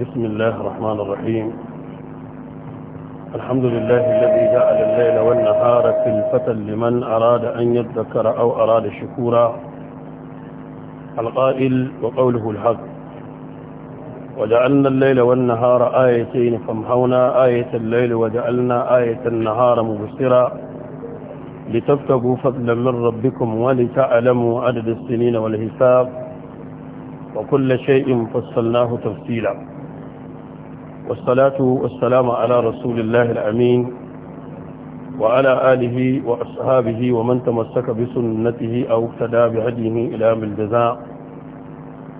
بسم الله الرحمن الرحيم الحمد لله الذي جعل الليل والنهار خلفة لمن أراد أن يذكر أو أراد شكورا القائل وقوله الحق وجعلنا الليل والنهار آيتين فامحونا آية الليل وجعلنا آية النهار مبصرا لتبتغوا فضلا من ربكم ولتعلموا عدد السنين والحساب وكل شيء فصلناه تفصيلا والصلاة والسلام على رسول الله الأمين وعلى آله وأصحابه ومن تمسك بسنته أو اقتدى بهديه إلى بالجزاء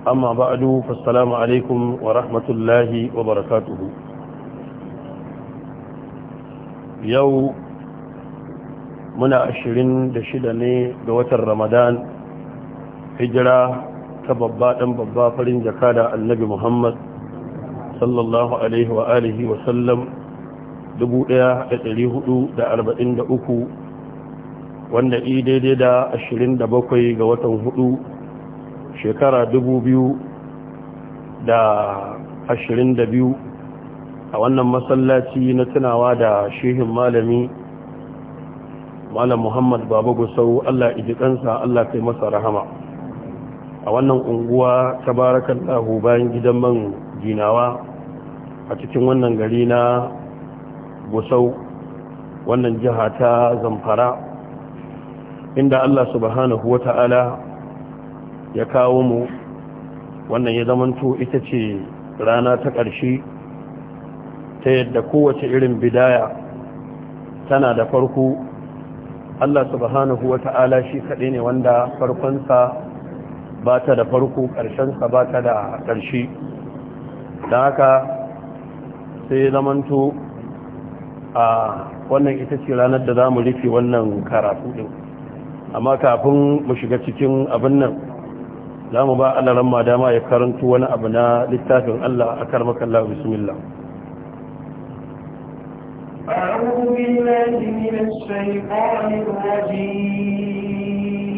أما بعد فالسلام عليكم ورحمة الله وبركاته yau muna ashirin da shida ne da watan ramadan hijira ta babba dan babba farin jaka da annabi Muhammad sallallahu alaihi wa alihi wa sallam 1443 wanda i daidai da 27 ga watan hudu shekara 2022 a wannan masallaci na tunawa da shehin malami malam muhammad baba gusau allah ijikansa allah kai masa rahama a wannan unguwa ta barakan ɗahu bayan gidan man jinawa, a cikin wannan gari na gusau wannan jiha ta zamfara inda Allah subhanahu wata'ala ya kawo mu wannan ya zamanto ita ce rana ta ƙarshe ta yadda kowace irin bidaya tana da farko Allah subhanahu wata'ala shi kaɗai ne wanda farkonsa ba ta da farko ƙarshensa ba ta da ƙarshe da haka sai zamanto a wannan ita ce ranar da za mu rufe wannan karatu ɗin amma kafin mu shiga cikin abin nan za mu ba alaran ma dama ya karanto wani abu na littafin Allah a karmakallah bismillah أعوذ بالله من الشيطان الرجيم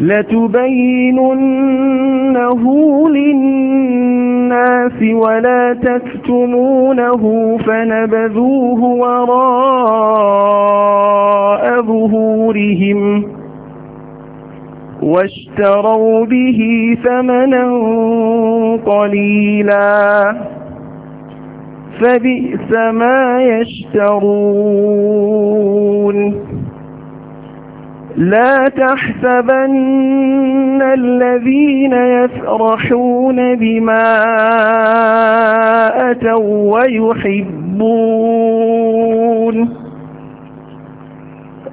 لتبيننه للناس ولا تكتمونه فنبذوه وراء ظهورهم واشتروا به ثمنا قليلا فبئس ما يشترون لا تحسبن الذين يفرحون بما أتوا ويحبون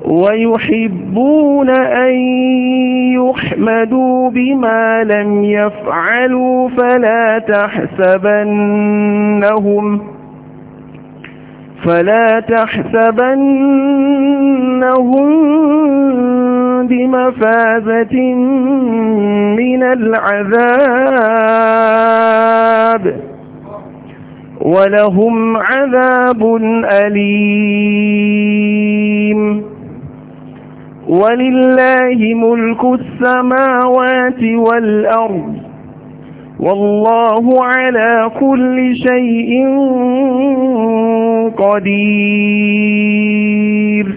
ويحبون أن يحمدوا بما لم يفعلوا فلا تحسبنهم فلا تحسبنهم بمفازة من العذاب ولهم عذاب أليم ولله ملك السماوات والأرض والله على كل شيء قدير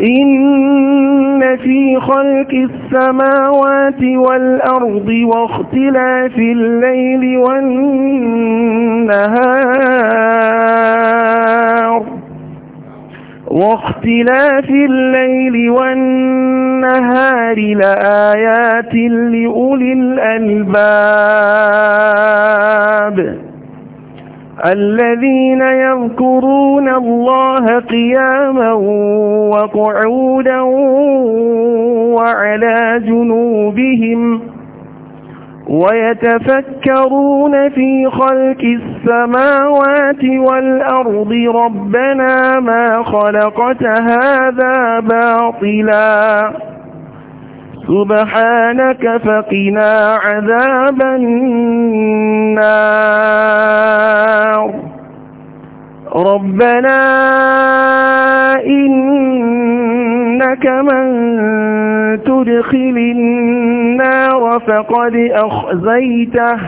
إن في خلق السماوات والأرض واختلاف الليل والنهار واختلاف الليل والنهار لآيات لأولي الألباب الذين يذكرون الله قياما وقعودا وعلى جنوبهم ويتفكرون في خلق السماوات والأرض ربنا ما خلقت هذا باطلا سبحانك فقنا عذاب النار ربنا إنك من تدخل النار فقد أخزيته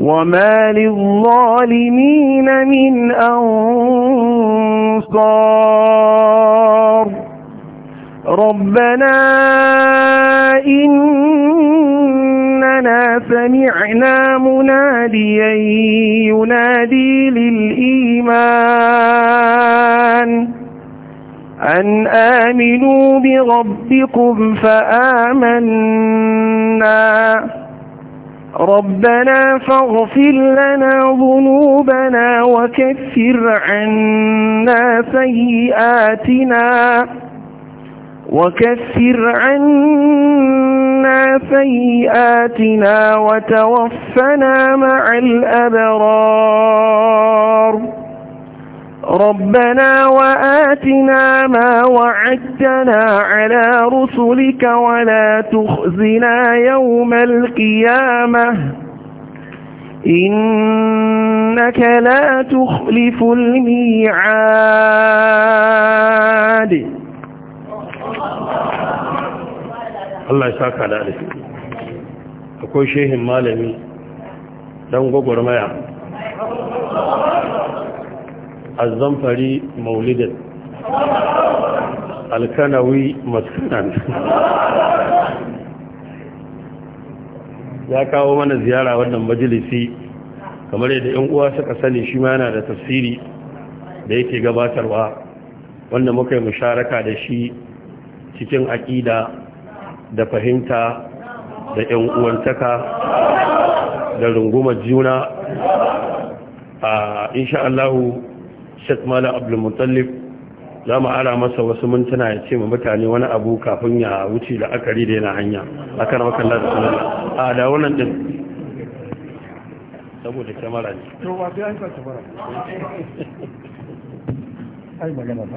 وما للظالمين من أنصار ربنا إننا سمعنا مناديا ينادي للإيمان أن آمنوا بربكم فآمنا ربنا فاغفر لنا ذنوبنا وكفر عنا سيئاتنا وكفر عنا سيئاتنا وتوفنا مع الأبرار ربنا وآتنا ما وعدتنا على رسلك ولا تخزنا يوم القيامة إنك لا تخلف الميعاد Allah ya saka da alifi akwai shehin malami dan gwagwarmaya Zamfari maulidin alkanawi maskanan ya kawo mana ziyara wannan majalisi kamar yadda yan uwa suka sani shi ma yana da tafsiri da yake gabatarwa wanda muka yi musharaka da shi cikin aƙida da fahimta da ‘yan uwantaka da runguma juna a insha Allahu Sheikh Mala Abdul za mu ara masa wasu mintuna ya ce ma mutane wani abu kafin ya wuce da akari da yana hanya a kan wakan da sunan a da wannan din saboda kyamara ne ai magana ba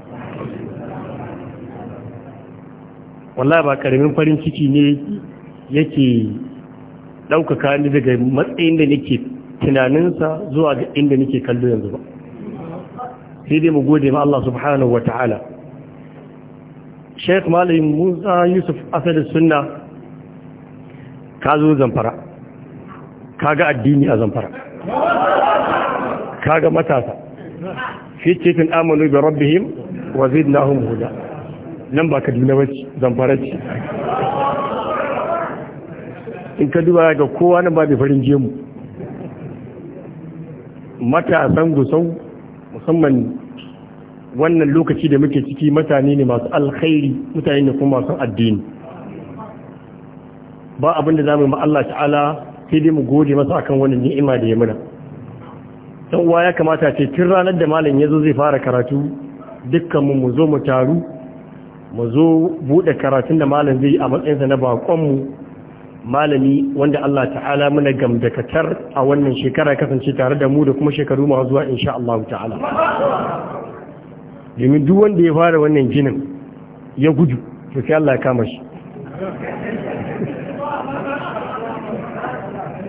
wallahi ba karamin farin ciki ne yake ɗaukaka ni daga matsayin da nake tunaninsa zuwa ga inda nake kallo yanzu ba sai dai mu gode ma Allah subhanahu wata'ala Sheikh Malam Musa Yusuf Asad Sunna ka zo zamfara kaga addini a zamfara kaga matasa fi cikin amanu bi rabbihim wa zidnahum huda nan ba kaduna ba ce zamfara ce in ka duba ga kowa nan ba mai farin jemu matasan gusau musamman wannan lokaci da muke ciki mutane ne masu alkhairi mutane ne kuma masu addini ba abin da zamu ma Allah ta'ala sai dai mu gode masa akan wannan ni'ima da ya muna dan uwa ya kamata ce tun ranar da malam yazo zai fara karatu dukkan mu mu zo mu taru mu zo buɗe karatun da malam zai a matsayinsa na baƙonmu. malami wanda Allah ta'ala muna gamdakatar a wannan shekara kasance tare da mu da kuma shekaru masu zuwa insha Allah ta'ala domin duk wanda ya fara wannan ginin ya gudu to sai Allah ya kama shi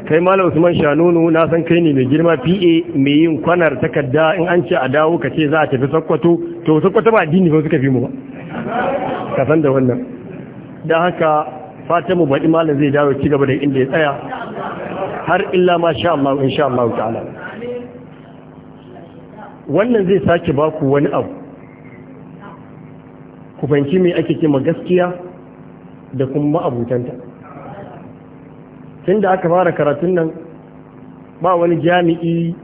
kai malam Usman Shanunu na san kai ne mai girma PA mai yin kwanar takarda in an ce a dawo ka ce za a tafi Sokoto to Sokoto ba addini ba suka fi mu ba ka da wannan don haka fatan mu baɗi malam zai dawo ci gaba da inda ya tsaya har illa ma sha Allah in sha Allah ta'ala wannan zai sake baku wani abu ku fanki me ake kima gaskiya da kuma abutanta tun da aka fara karatun nan ba wani jami'i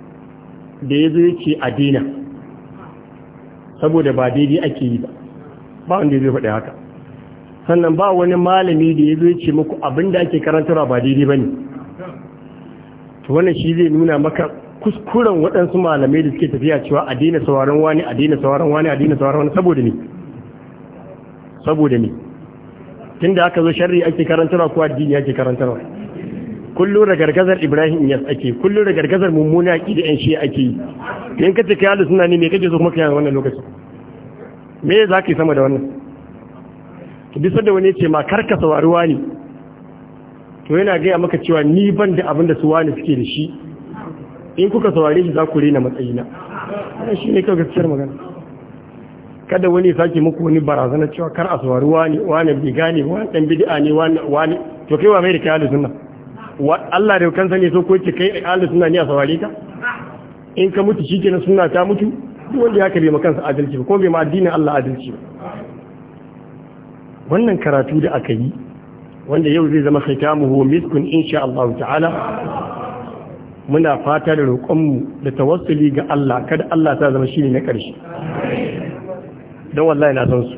da ya zo yake a dina saboda ba daidai ake yi ba ba wanda zai faɗi haka sannan ba wani malami da ya zai ce muku abinda ake karantarwa ba daidai ba ne wannan shi zai nuna maka kuskuren waɗansu malamai da suke tafiya cewa a daina sauraron wani a daina sauraron wani a daina sauraron wani saboda ne saboda ne da aka zo sharri ake karantarwa ko addini ake karantarwa Kullum da gargazar Ibrahim yas ake kullum da gargazar mummuna da yan shi ake in kace kai suna ne me kake so kuma kai wannan lokacin me za ka yi sama da wannan bisa da wani ce ma karka saurari wani to yana gaya maka cewa ni ban da abin da su wani suke da shi in kuka saurari shi za ku rena matsayina wannan shi ne kawai gaskiyar magana kada wani sake muku wani barazana cewa kar a saurari wani wani bi gane wani dan bid'a ne wani to kai wa mai da kai ahlus sunna Allah da kansa ne so ko ce kai ahlus sunna ne a saurari ka in ka mutu shikenan sunna ta mutu duk wanda ya karbe kansa adalci ba kuma bai ma addinin Allah adalci ba wannan karatu da aka yi wanda yau zai zama khitamuhu miskun insha Allah ta'ala muna fata da roƙonmu da tawassuli ga Allah kada Allah ta zama shine na ƙarshe don wallahi na san su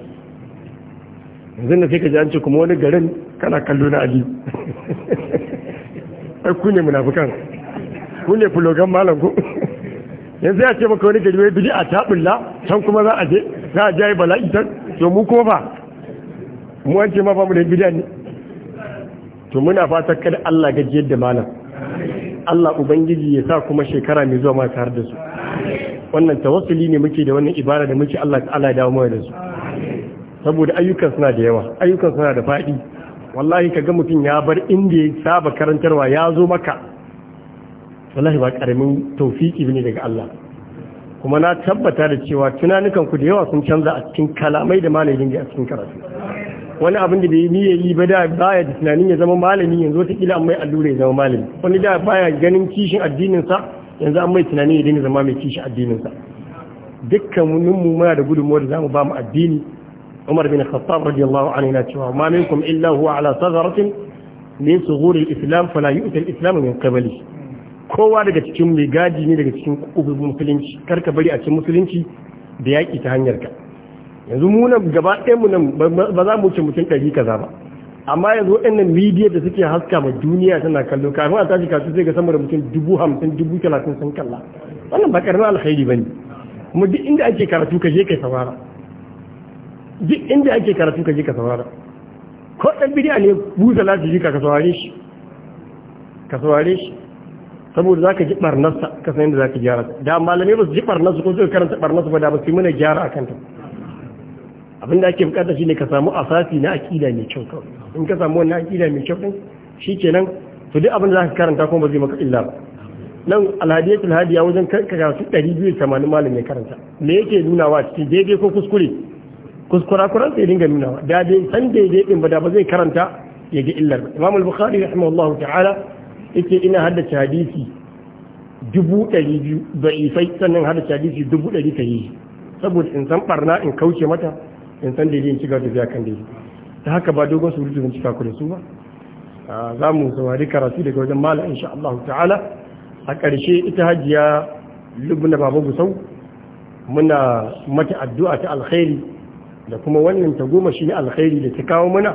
yanzu da sai ka ji an ce kuma wani garin kana kallo na abi ai ku ne munafukan ku ne fulogan malam ku yanzu ya ce maka wani gari bidi a taɓulla can kuma za a je za a jaye bala'i can to mu kuma ba mu wance ma ba mu da bidi ne to muna fatan kada Allah gaji yadda malam Allah ubangiji ya sa kuma shekara mai zuwa ma tare da su wannan tawassuli ne muke da wannan ibada da muke Allah ta'ala ya dawo da su saboda ayyukan suna da yawa ayyukan suna da faɗi wallahi kaga mutum ya bar inda ya saba karantarwa ya zo maka wallahi ba karamin taufiki bane daga Allah kuma na tabbata da cewa tunanukan ku da yawa sun canza a cikin kalamai da malamin da a cikin karatu wani abin da bai niyya yi ba da baya da tunanin ya zama malami yanzu wata kila mai allura ya zama malami wani da baya ganin kishin addinin sa yanzu an mai tunanin ya dinga zama mai kishin addinin sa dukkan mu muna da gudunmuwar da zamu ba mu addini Umar bin Khattab radiyallahu anhu yana cewa ma minkum illa huwa ala sagharatin min sughuri al-islam fala yu'ta al-islam min kowa daga cikin mai gadi ne daga cikin ƙofofin musulunci karka bari a cikin musulunci da yaƙi ta hanyar ka yanzu mu nan gaba ɗaya mu nan ba za mu wuce mutum ɗari kaza ba amma yanzu waɗannan media da suke haska ma duniya tana kallo kafin a tashi kasu zai ga sama da mutum dubu hamsin dubu talatin sun kalla wannan ba ƙaramin alkhairi ba ne kuma duk inda ake karatu ka je ka saurara duk inda ake karatu ka je ka saurara ko ɗan bidiya ne buza lafi ka saurare shi ka saurare shi saboda ka ji ɓarnarsa ka san yadda ka gyara ta da malamai ba su ji ɓarnarsa ko su karanta ɓarnarsa ba da ba su yi mana gyara kan ta abin da ake bukata shine ka samu asasi na akida mai kyau kawai in ka samu wannan akida mai kyau din shikenan to duk abin da ka karanta kuma ba zai maka illa ba nan alhadiyatul alhadiya wajen karatu biyu tamanin malamai karanta me yake nunawa cikin daidai ko kuskure kuskura kuran sai dinga nunawa da dai san daidai din ba da ba zai karanta ya ga illar imam al-bukhari rahimahullahu ta'ala yake ina hada hadisi dubu ɗari biyu da ifai sannan hada hadisi dubu ɗari ta yi saboda in san barna in kauce mata in san daidai in ci gaba da kan daidai ta haka ba dogon surutu zan cika ku da su ba ah, za mu samari karatu daga wajen mala insha Allah ta'ala a ƙarshe ita hajiya lubna baba gusau muna mata addu'a ta alkhairi da kuma wannan ta goma shi ne alkhairi da ta kawo mana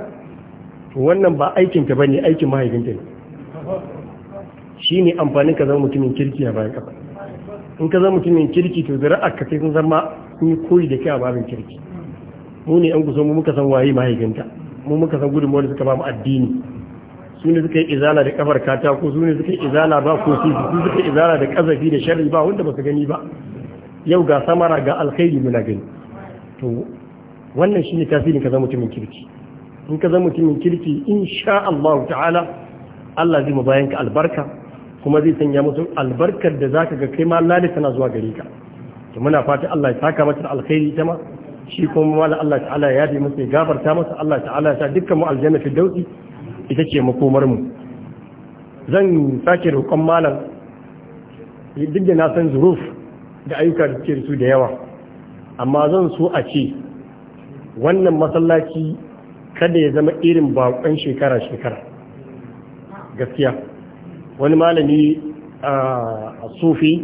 wannan ba aikinta ba ne aikin mahaifinta ne shi ne amfanin ka zama mutumin kirki a bayan kafa in ka zama mutumin kirki to zira a sai sun zama sun koyi da kai a babin kirki mu ne yan kusa mu muka san waye mahaifinta mu muka san gudunmuwa wanda suka ba mu addini su ne suka yi izala da kafar katako su ne suka yi izala ba ko su suka yi izala da kazafi da sharri ba wanda ba su gani ba yau ga samara ga alkhairi muna gani to wannan shi ne tasirin ka zama mutumin kirki in ka zama mutumin kirki insha Allah ta'ala Allah zai mu bayan ka albarka kuma zai sanya musu albarkar da za ka ga kai ma lalata tana zuwa gare ka to muna fata Allah ya saka mata alkhairi ita ma shi kuma wala Allah ta'ala ya bi masa ya gafarta masa Allah ta'ala ya sa dukkan mu aljanna fi ita ce makomar mu zan sake roƙon malam duk da na san zuruf da ayyuka da suke su da yawa amma zan so a ce wannan masallaci kada ya zama irin baƙon shekara-shekara gaskiya wani malami a sufi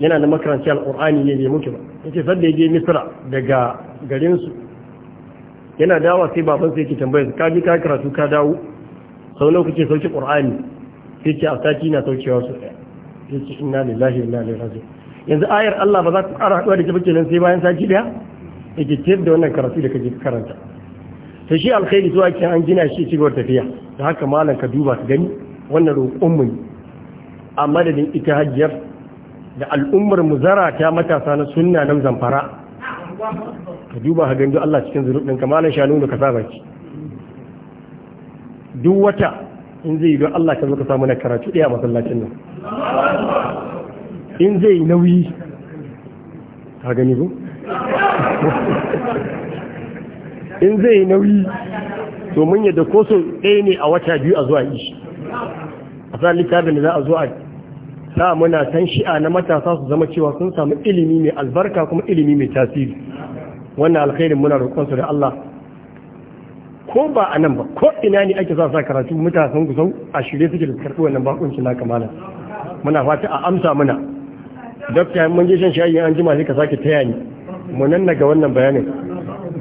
yana da makaranci al'ur'ani ne bai mutu ba ya ce sadda ya je misra daga garinsu yana dawa sai baban sai ke tambaya ka bi ka karatu ka dawo sau nawa kuke sauki ƙur'ani sai ce a sati na saukewa su ɗaya sai ce da lahi inna ilaihi razi yanzu ayar Allah ba za ku ƙara haɗuwa da ke bace nan sai bayan sati ɗaya ke tayar da wannan karatu da kaje karanta Ta shi alkhairi zuwa kin an gina shi cigaba tafiya da haka malam ka duba ka gani wannan roƙonmu ne a madadin ita hajiyar da al'ummar mu ta matasa na suna nan zamfara ka duba ha gandu Allah cikin zurubin kamalin shanu da ka saba ki duk wata in zai yi don Allah ka zo ka samu na karatu ɗaya a masallacin nan in zai yi nauyi ha gani ko in zai yi nauyi to mun yadda ko so ɗaya ne a wata biyu a zuwa ishi a sa littafin da za a zo a sa muna san shi'a na matasa su zama cewa sun samu ilimi mai albarka kuma ilimi mai tasiri wannan alkhairin muna roƙonsu da Allah ko ba a nan ba ko ina ne ake sa sa karatu mutasan kusan a shirye suke da karɓi wannan bakunci na kamala muna fata a amsa muna dokta mun je shan shayi an jima sai ka taya ni mu nan ga wannan bayanin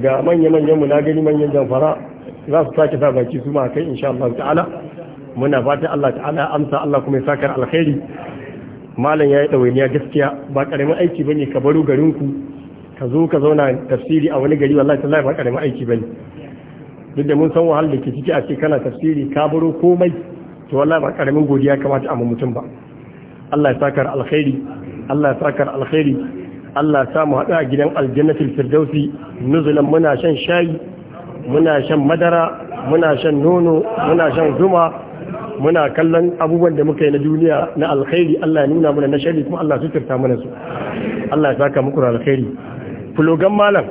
ga manya manyan mu na gani manyan jamfara za su sake sa baki su kai insha Allah ta'ala muna fatan Allah ta'ala amsa Allah kuma ya sakar alkhairi malam yayi dawainiya gaskiya ba karamin aiki bane ka baro garinku ka zo ka zauna tafsiri a wani gari wallahi tallahi ba karamin aiki bane duk da mun san wahal da ke ciki a ce kana tafsiri ka baro komai to wallahi ba karamin godiya kamata a mutum ba Allah ya sakar alkhairi Allah ya sakar alkhairi Allah ya samu hada a gidan aljannatul firdausi nuzulan muna shan shayi muna shan madara muna shan nono muna shan zuma muna kallon abubuwan da muka yi na duniya na alkhairi Allah ya nuna mana na shari kuma Allah suturta mana su Allah ya saka muku alkhairi fulogan malam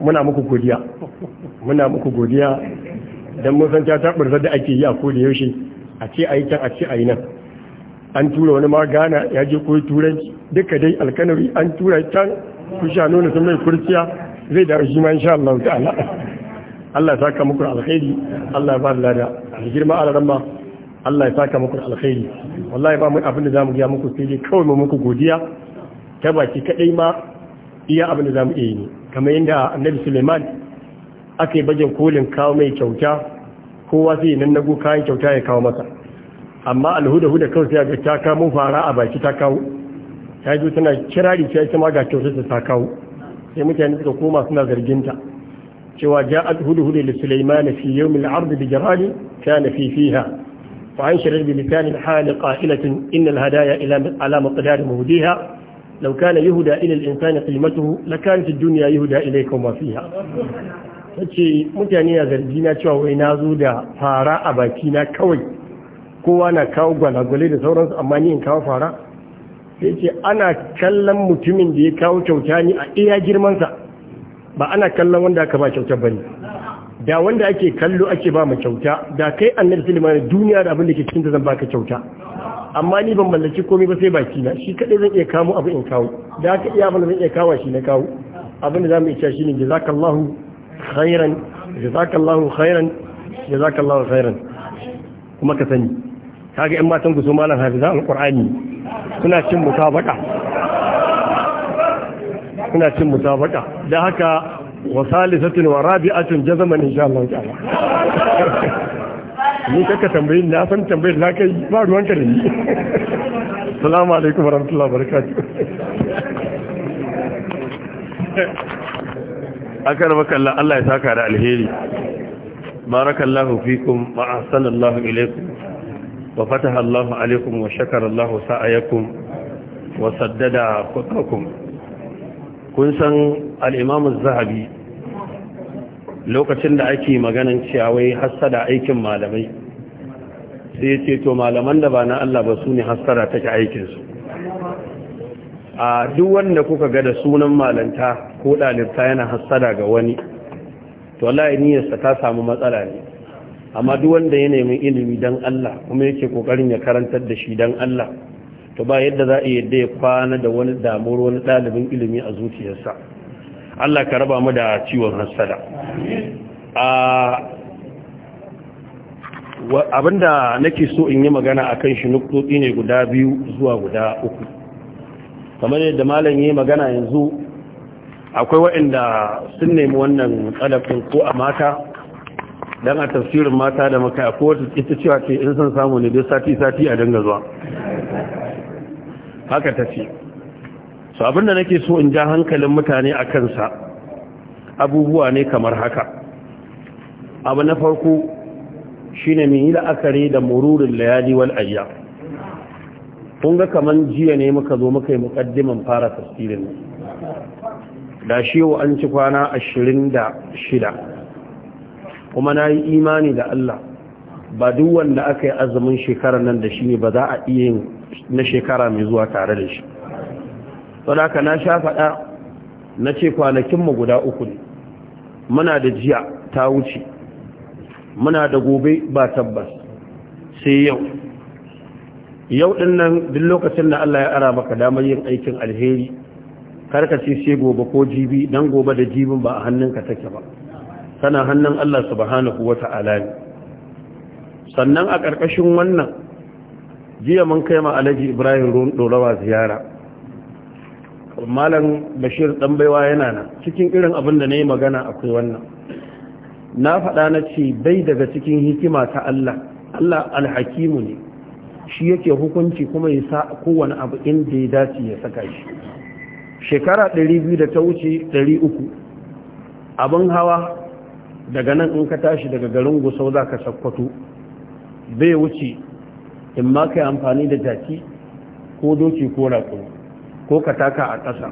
muna muku godiya muna muku godiya dan mun san ta burza da ake yi a ko da yaushe a ce ayi can a ce ayi nan an tura wani ma ya je koyi turanci duka dai alkanari an tura can sha nuna sun mai kurciya zai da shi ma insha Allah ta'ala Allah ya saka muku alkhairi Allah ya ba da lada girma alaran ma Allah ya saka muku alkhairi wallahi ba mu abin da zamu ga muku sai dai kawai mu muku godiya ta baki kadai ma iya abin da zamu iya ne kamar yadda Annabi Suleiman aka yi bajin kolin kawo mai kyauta kowa sai nan nago kayan kyauta ya kawo masa amma alhuda huda kawai sai ga ta kawo fara a baki ta kawo ta ji tana kirari ta ma ga kyautar ta kawo sai mutane suka koma suna zarginta cewa ja'at hudu hudu li Sulaiman fi yawmil ard bi jarali kana fi fiha وأنشرت بلسان الحال قائلة إن الهدايا إلى على مقدار مهديها لو كان يهدى إلى الإنسان قيمته لكانت الدنيا يهدى إليكم وفيها tace mutane na na cewa wai na zo da fara a na kawai kowa na kawo gwalagwale da sauransu amma ni in kawo fara sai ce ana kallon mutumin da ya kawo kyauta ni a iya girmansa ba ana kallon wanda aka ba kyautar bane da wanda ake kallo ake ba mu kyauta da kai annabi sulaiman duniya da abin da ke cikin ta zan baka kyauta amma ni ban mallaki komai ba sai baki na shi kadai zan iya kawo abu in kawo da haka iya ban zan iya kawo shi na kawo abin da zamu iya shi ne jazakallahu khairan jazakallahu khairan jazakallahu khairan kuma ka sani kaga yan matan ku so malam hafiza alqur'ani suna cin mutabaka suna cin mutabaka da haka wa salisatun wa rabi'atun jazaman insha Allah ta'ala ni kaka tambayin na san tambayin na kai ba ruwanka da ni assalamu alaikum warahmatullahi wabarakatuh akar bakalla Allah ya saka da alheri barakallahu fikum wa ahsanallahu ilaykum wa fataha Allahu alaikum wa shakara Allahu sa'ayakum wa saddada khutbakum kun san al'imamun zahabi lokacin da ake maganin ciyawai hassada aikin malamai sai ce to malaman da ba na Allah ba su ne hassada take aikinsu a duk wanda kuka ga da sunan malanta ko ɗalibta yana hassada ga wani to Allah ta samu matsala ne amma duk wanda ya nemi ilimi don Allah kuma yake kokarin ya karantar da shi don Allah to ba yadda za a yadda ya kwana da wani damuwar wani ɗalibin ilimi a zuciyarsa Allah ka raba mu da ciwon hassada abinda nake so in yi magana a kan shi nuktoɗi ne guda biyu zuwa guda uku kamar yadda malam yi magana yanzu akwai waɗanda sun nemi wannan tsadafin ko a mata dan a tafsirin mata da maka a kowace ita cewa ce in san samu ne dai sati sati a dinga zuwa haka ta ce so abinda nake so in ja hankalin mutane a kansa abubuwa ne kamar haka abu na farko shine mai yi la'akari da mururin layali wal ayya kun ga kamar jiya ne muka zo muka yi mukaddiman fara tafsirin da shi wa an ci kwana ashirin da shida kuma na yi imani da Allah ba duk wanda aka yi azumin shekarar nan da shi ne ba za a iya yin na shekara mai zuwa tare da shi saboda na sha faɗa na ce kwanakinmu guda uku ne muna da jiya ta wuce muna da gobe ba tabbas sai yau yau ɗin nan duk lokacin da Allah ya ara maka damar yin aikin alheri karka ce sai gobe ko jibi dan gobe da jibin ba a hannunka take ba tana hannun Allah subhanahu wa ta'ala ne sannan a ƙarƙashin wannan jiya mun kai ma alhaji ibrahim dorawa ziyara malam bashir ɗanbaiwa yana nan cikin irin abin da na yi magana akwai wannan na faɗa na ce bai daga cikin hikima ta Allah Allah alhakimu ne shi yake hukunci kuma ya sa kowane abu inda ya dace ya saka shi shekara 200 da ta wuce 300 abin hawa daga nan in ka tashi daga garin gusau za ka sakkwato bai wuce in ma ka yi amfani da jaki ko doki ko raƙo ko ka taka a ƙasa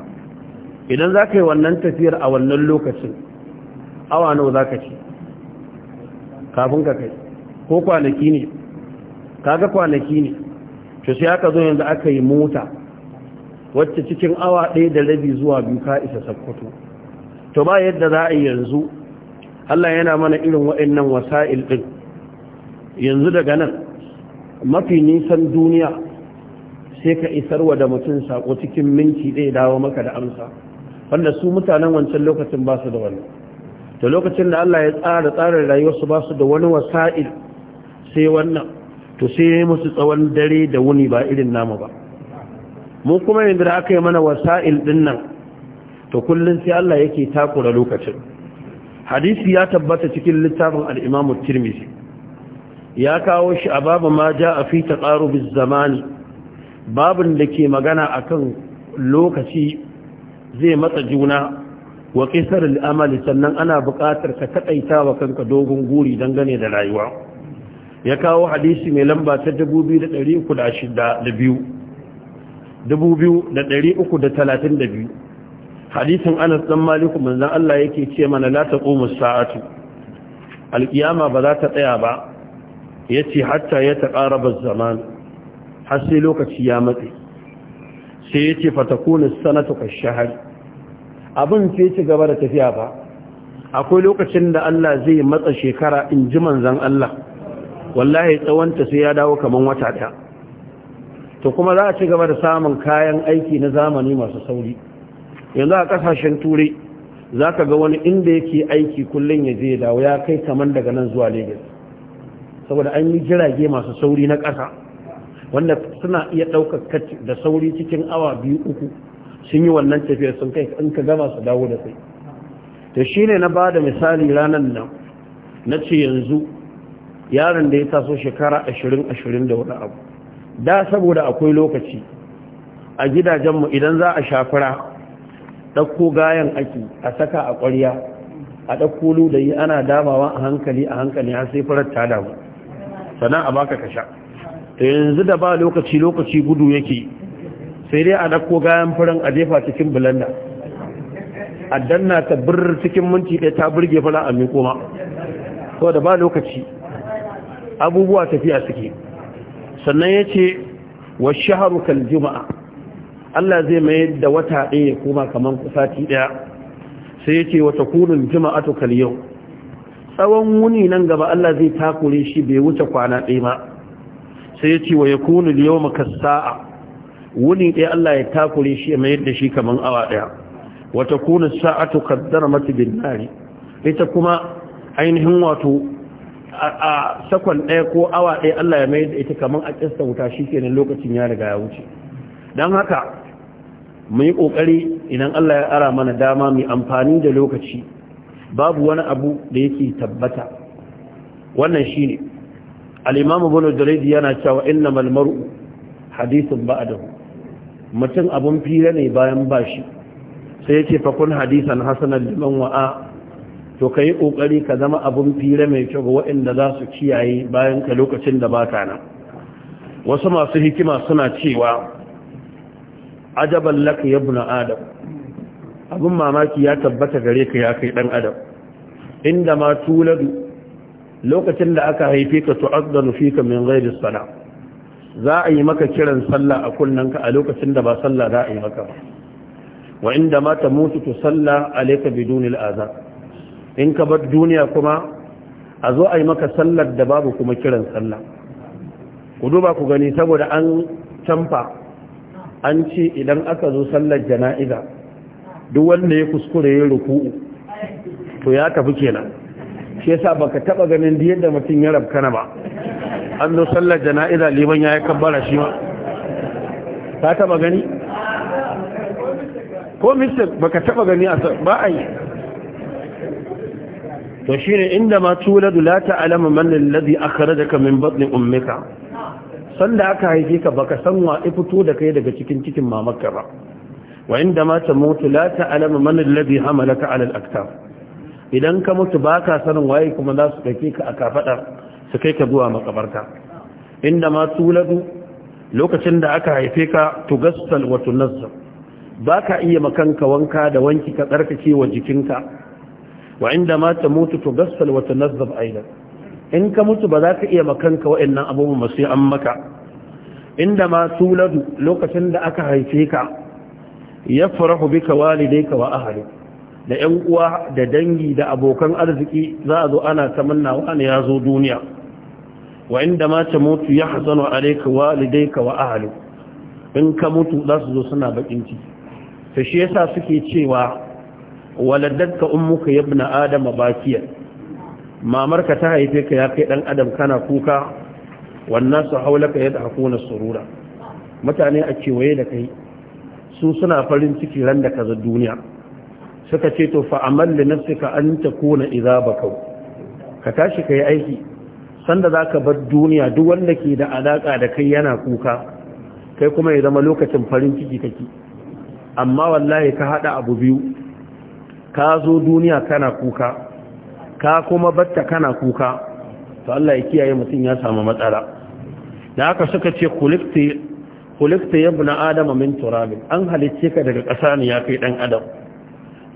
idan za ka yi wannan tafiyar a wannan lokacin awa nawa za ka ci kafin ka kai ko kwanaki ne kaga kwanaki ne to sai aka zo yanzu aka yi mota wacce cikin awa ɗaya da rabi zuwa biyu ka isa sakkwato to ba yadda za a yi yanzu Allah yana mana irin waɗannan wasa'il ɗin yanzu daga nan mafi nisan duniya sai ka isarwa da mutum sako cikin minti ɗaya dawo maka da amsa wanda su mutanen wancan lokacin ba su da wani da lokacin da Allah ya tsara tsarin rayuwarsu ba su da wani wasa'il sai wannan to sai ya yi musu tsawon dare da wuni ba irin namu ba mu kuma yanzu da aka yi mana wasa'il ɗin nan to kullum sai Allah yake takura lokacin hadisi ya tabbata cikin littafin al-Imam ya kawo shi a babu ma a fi taqarubiz zamani babin da ke magana akan lokaci zai matsa juna wa qisar al-amali sannan ana buƙatar ka takaita wa kanka dogon guri dangane da rayuwa ya kawo hadisi mai lamba ta 2362 hadisin anas dan maliku manzon Allah yake ce mana la taqumu sa'atu alqiyama ba za ta tsaya ba yace hatta ya taqaraba zaman har sai lokaci ya matse sai yace fatakunu sanatu kashahr abin sai ci gaba da tafiya ba akwai lokacin da Allah zai matsa shekara in ji manzon Allah wallahi tsawanta sai ya dawo kaman wata ta to kuma za a ci gaba da samun kayan aiki na zamani masu sauri yanzu a kasashen turai za ka ga wani inda yake aiki kullum ya je dawo ya kai kamar daga nan zuwa Legas. saboda an yi jirage masu sauri na ƙasa wanda suna iya ɗaukar da sauri cikin awa biyu uku sun yi wannan tafiyar sun kai in ka gama su dawo da kai to ne na ba da misali ranar nan na ce yanzu yaron da ya taso shekara ashirin ashirin da wani abu da saboda akwai lokaci a gidajenmu idan za a shafura. ɗauko gayan ake a saka a ƙwarya a ɗauko yi ana damawa a hankali a hankali har sai farar ta damu sannan a baka kasha to yanzu da ba lokaci lokaci gudu yake sai dai a ɗauko gayan furen a jefa cikin bulanda a danna ta bir cikin minti ɗaya ta burge fara a miko ma da ba lokaci abubuwa tafiya suke sannan ya ce wa shaharu kal juma'a Allah zai mai da wata ɗaya kuma kamar sati ɗaya sai ya ce wata kunun jima'atu kal yau tsawon wuni nan gaba Allah zai takure shi bai wuce kwana ɗaya ba sai ya ce wa ya kunu yau maka sa'a wuni ɗaya Allah ya takure shi mai da shi kamar awa ɗaya wata kunun sa'atu kaddara mata bin nari ita kuma ainihin wato a sakon ɗaya ko awa ɗaya Allah ya mai da ita kamar a ƙista wuta shi kenan lokacin ya riga ya wuce don haka mu yi ƙoƙari idan Allah ya ara mana dama mai amfani da lokaci babu wani abu da yake tabbata wannan shi ne al'imamu bane dalaidi yana cewa inna malmaru hadisun ba'adahu mutum abun fira ne bayan ba shi. sai ya ce fakun hadisan hasanan liman wa'a to ka yi ƙoƙari ka zama abun fira mai kyau ga waɗanda za su kiyaye bayan ka lokacin da ba ka nan wasu masu hikima suna cewa ajaban laka ya buna adam abin mamaki ya tabbata gare ka ya kai dan adam inda ma tuladu lokacin da aka haife ka tu'azzanu fika min ghairi salah za a yi maka kiran sallah a kunnanka a lokacin da ba sallah za a yi maka wa inda ma tamutu tusalla alayka bidunil azab in ka bar duniya kuma a zo a yi maka sallar da babu kuma kiran sallah ku duba ku gani saboda an canfa an ce idan aka zo sallar jana'iza duk wanda ya kuskure ya ruku'u to ya tafi kenan shi yasa baka taba ganin da yadda mutum ya na ba an zo sallar jana'iza liman ya yi kabbara shi ma ta taba gani ko mister baka taba gani a ba a yi to shine inda ma tuladu la ta'lamu man alladhi akhrajaka min batni ummika sanda aka haife ka baka san wa fito da kai daga cikin cikin mamarka ba wa inda ma ta mutu la ta'lamu man alladhi hamalaka 'ala al-aktaf idan ka mutu baka sanin waye kuma za su dake ka a kafada su kai ka zuwa makabarta inda ma tuladu lokacin da aka haife ka tugassal wa tunazzal baka iya makanka wanka da wanki ka tsarkake wa jikinka wa inda ma ta mutu tugassal wa tunazzal aidan in ka mutu ba za ka iya makanka waɗannan abubuwan masu an maka inda ma tuladu lokacin da aka haife ka ya farahu ka walidai ka wa ahali da ‘yan uwa da dangi da abokan arziki za a zo ana ta manna wani ya zo duniya wa inda ma ta mutu ya hasanu alaika walidai ka wa ahali in ka mutu za su zo suna bakin ciki ta shi yasa suke cewa waladatka ummuka yabna adama bakiyar mamarka ta haife ka ya kai dan adam kana kuka wannan su haulaka yadda hakuna surura mutane a kewaye da kai su suna farin ciki ran da kaza duniya suka ce to fa amal da nafsika an ta kona iza bakau ka tashi ka aiki sanda za ka bar duniya duk wanda ke da alaƙa da kai yana kuka kai kuma ya zama lokacin farin ciki kake amma wallahi ka haɗa abu biyu ka zo duniya kana kuka ka kuma batta kana kuka to Allah ya kiyaye mutum ya samu matsala da haka suka ce kulikti kulikti ya adama min turabin an halicce ka daga ƙasa ne ya kai ɗan adam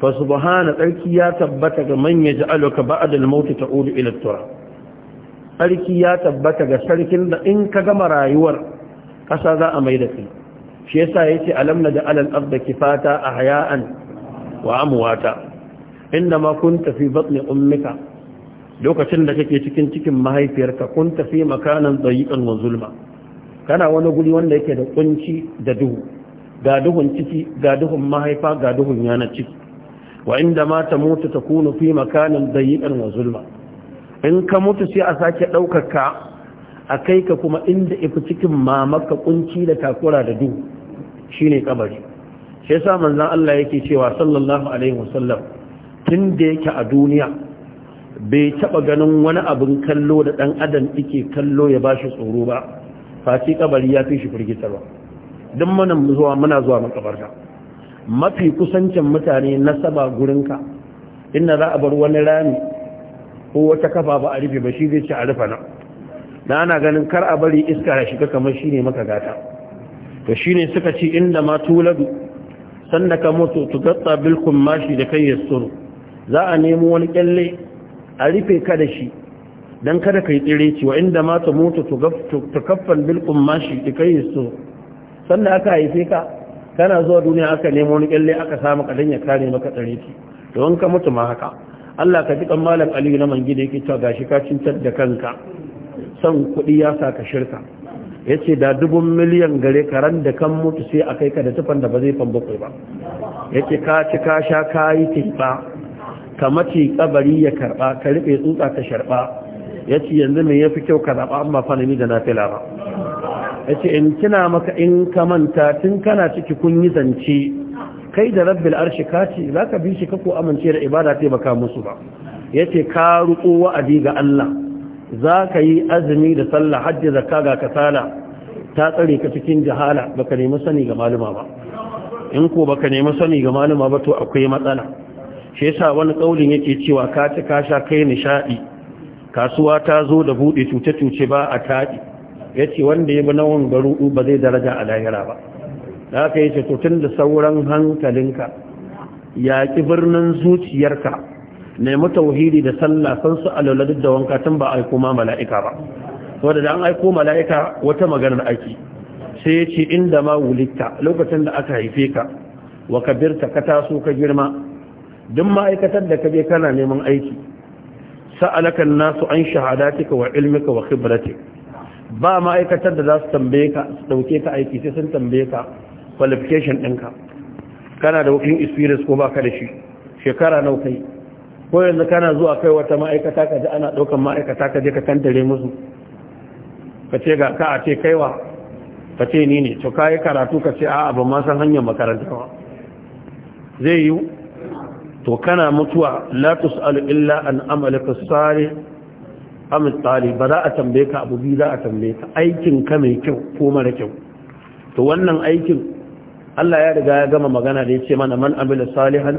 fa subhana tsarki ya tabbata ga man yaj'aluka ba'da al-maut ta'udu ila turab tsarki ya tabbata ga sarkin da in ka gama rayuwar ƙasa za a mai da kai shi yasa yace alam naj'al al-ardha kifata ahya'an wa amwata inda ma kun tafi batni ummika lokacin da kake cikin cikin mahaifiyarka kun tafi makanan dayiqan wa zulma kana wani guri wanda yake da kunci da duhu ga duhun ciki ga duhun mahaifa ga duhun yana ciki wa inda ma ta mutu ta kunu fi makanin dayiqan wa zulma in ka mutu sai a sake ɗaukaka a kai ka kuma inda ifi cikin mamaka kunci da takura da duhu shine kabari Sai yasa manzon Allah yake cewa sallallahu alaihi wasallam tun da yake a duniya bai taɓa ganin wani abin kallo da ɗan adam yake kallo ya ba shi tsoro ba fati kabari ya fi shi firgitarwa don mana zuwa muna zuwa makabarta mafi kusancin mutane na saba gurinka inda za a bar wani rami ko wata kafa ba a rufe ba shi zai ci a rufe na na ana ganin kar a bari iska ya shiga kamar shine maka gata to shine suka ci inda ma tuladu sanda ka mutu tugatta bilkun mashi da kai ya yasturu za a nemo wani kyalle a rufe ka da shi don kada ka yi tsire cewa inda ma ta mota ta kaffan bilkun mashi ta kai su sannan aka haife ka kana zuwa duniya aka nemo wani kyalle aka samu kadan ya kare maka tsire ki don ka mutu ma haka Allah ka ji kan malam aliyu na mangi da yake cewa gashi ka cintar da kanka son kuɗi ya sa ka shirka ya ce da dubun miliyan gare karan da kan mutu sai a kai ka da tufan da ba zai fan bakwai ba ya ce ka ci ka sha ka yi tifa ka mace kabari ya karba ka rufe tsutsa ka sharba ya ce yanzu mai ya fi kyau ka zaɓa amma fanani da na nafila ba ya ce in kina maka in ka manta tun kana ciki kun yi zance kai da rabbil arshi ka ce za ka bi shi ka ko amince da ibada ta baka musu ba ya ce ka ruko wa'adi ga Allah za ka yi azumi da sallah hajji zakka ga kasala ta tsare ka cikin jahala baka nemi sani ga maluma ba in ko baka nemi sani ga maluma ba to akwai matsala shi yasa wani kaulin yake cewa ka ci ka kai nishadi kasuwa ta zo da bude tuce-tuce ba a taɗi ya wanda ya bi na ba zai daraja a lahira ba da aka yi tun da sauran hankalinka yaƙi birnin zuciyarka nemi tauhidi da sallah san su alwala da wanka tun ba aiko ma mala'ika ba saboda da an aiko mala'ika wata maganar aiki sai yace inda ma wulita lokacin da aka haife ka wa kabirta ka taso ka girma duk ma'aikatar da ka je kana neman aiki sa'alakan nasu an shahadatika wa ilmika wa khibratik ba ma'aikatar da za su tambaye ka su dauke ka aiki sai sun tambaye ka qualification ɗinka kana da working experience ko baka da shi shekara nau kai ko yanzu kana zuwa kai wata ma'aikata ka ji ana ɗaukan ma'aikata ka je ka tantare musu ka ce ga ka a ce kaiwa ka ce ni ne to kayi karatu ka ce a'a ba ma san hanyar makarantawa zai yiwu to kana mutuwa la tus'alu illa an amalaka salih am talib ba za a tambaye ka abu biyu za a tambaye ka aikin ka mai kyau ko mara kyau to wannan aikin Allah ya riga ya gama magana da ya ce mana man amila salihan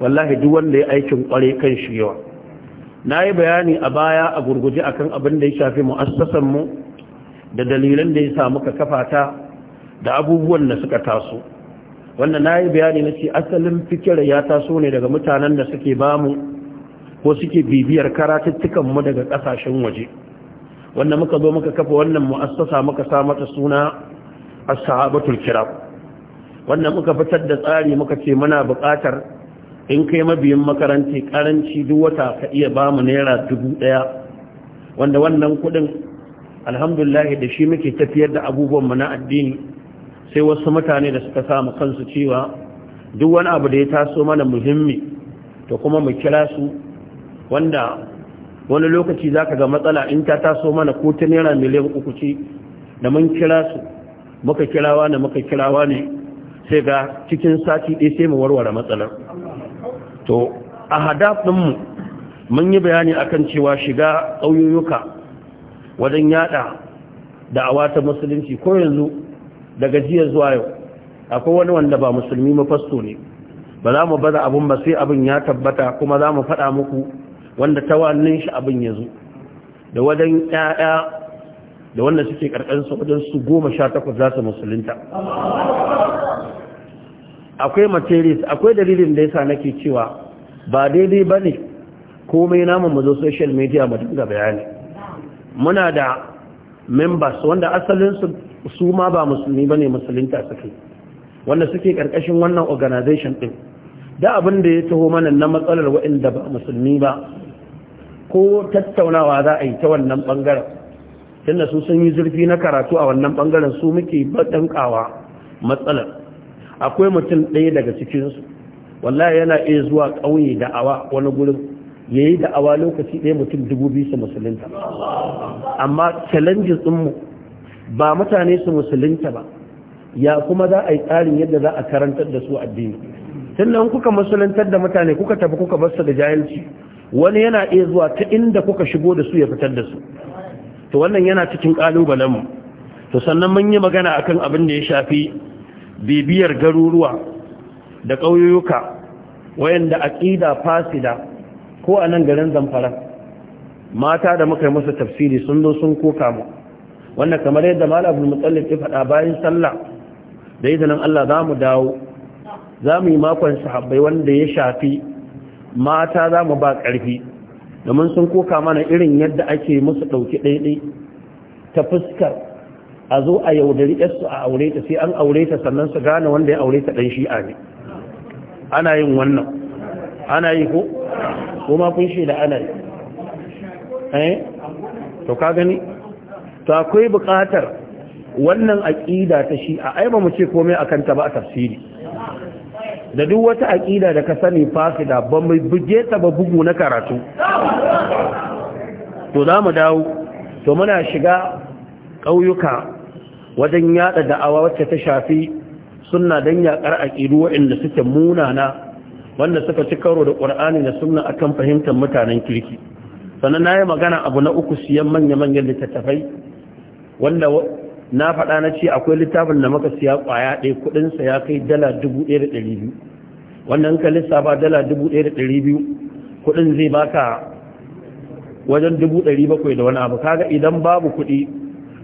wallahi duk wanda ya aikin kware kan shi yawa nayi bayani a baya a gurguje akan abin da ya shafi muassasan mu da dalilan da ya samu ka kafa da abubuwan da suka taso wannan na yi bayani na ce asalin fikir ya taso ne daga mutanen da suke bamu ko suke bibiyar mu daga kasashen waje Wannan muka zo muka kafa wannan mu'assasa muka sa mata suna as-sahabatul kiram wannan muka fitar da tsari muka ce muna buƙatar in kai mabiyin makaranti karanci duk wata ka iya bamu naira dubu ɗaya wanda wannan kuɗin alhamdulillah da shi muke tafiyar da abubuwan mu na addini sai wasu mutane da suka samu kansu cewa duk wani abu da ya taso mana muhimmi to kuma mu kira su wanda wani lokaci za ka ga matsala in ta taso mana ko ta naira miliyan uku ce da mun kira su muka kirawa ne muka kirawa ne sai ga cikin sati ɗaya sai mu warware matsalar to a hadaf ɗinmu mun yi bayani akan cewa shiga ƙauyuyuka wajen yada da'awa ta musulunci ko yanzu daga jiya zuwa yau akwai wani wanda ba musulmi mafasto ne ba za mu baza abin ba sai abin ya tabbata kuma za mu faɗa muku wanda ta wannan shi abin ya zo da wajen ƴaƴa da wanda suke ƙarƙansu wajen su goma sha takwas za su musulunta akwai materials akwai dalilin da yasa nake cewa ba daidai ba ne komai namu mu zo social media mu dinga bayani muna da members wanda asalinsu su ma ba musulmi ne musulunta suke wanda suke karkashin wannan organization ɗin. da abin da ya taho mana na matsalar waɗanda ba musulmi ba ko tattaunawa za a yi ta wannan bangaren tunda su sun yi zurfi na karatu a wannan bangaren su muke baɗankawa matsalar akwai mutum ɗaya daga cikinsu wallahi yana iya zuwa ƙauye da awa wani gurin ya yi da lokaci ɗaya mutum dubu biyu su musulunta amma challenges ɗinmu ba mutane su musulunta ba ya kuma za a yi tsarin yadda za a karantar da su addini sannan kuka musuluntar da mutane kuka tafi kuka basu da jahilci wani yana iya zuwa ta inda kuka shigo da su ya fitar da su to wannan yana cikin kalubalenmu to sannan mun yi magana akan abin da ya shafi bibiyar garuruwa da ƙauyuka wayanda aqida fasida ko a nan garin zamfara mata da muka yi musu tafsiri sun zo sun koka mu wannan kamar yadda malam abdul mutallib ya faɗa bayan sallah da izinin Allah za mu dawo za mu yi makon sahabbai wanda ya shafi mata za mu ba ƙarfi domin sun koka mana irin yadda ake musu ɗauki ɗaiɗai ta fuskar a zo a yaudari yasu a aure ta sai an aure ta sannan su gane wanda ya aure ta ɗan a ne ana yin wannan ana yi ko kuma kun shi da ana yi eh? to ka gani to akwai buƙatar wannan aƙida ta shi a aiba mu ce komai akan ta ba a tafsiri da duk wata aƙida da ka sani fasida ba mai buge ta ba bugu na karatu to za mu dawo to muna shiga ƙauyuka wajen yada da'awa wacce ta shafi sunna don yaƙar aƙidu waɗanda suke munana wanda suka ci karo da ƙwar'ani da sunna akan fahimtar mutanen kirki sannan na yi magana abu na uku siyan manya-manyan littattafai wanda na faɗa na ce akwai littafin da maka siya ƙwaya ɗaya kuɗinsa ya kai dala dubu ɗaya da ɗari biyu wannan ka lissafa dala dubu ɗaya da ɗari biyu kuɗin zai baka wajen dubu ɗari bakwai da wani abu kaga idan babu kuɗi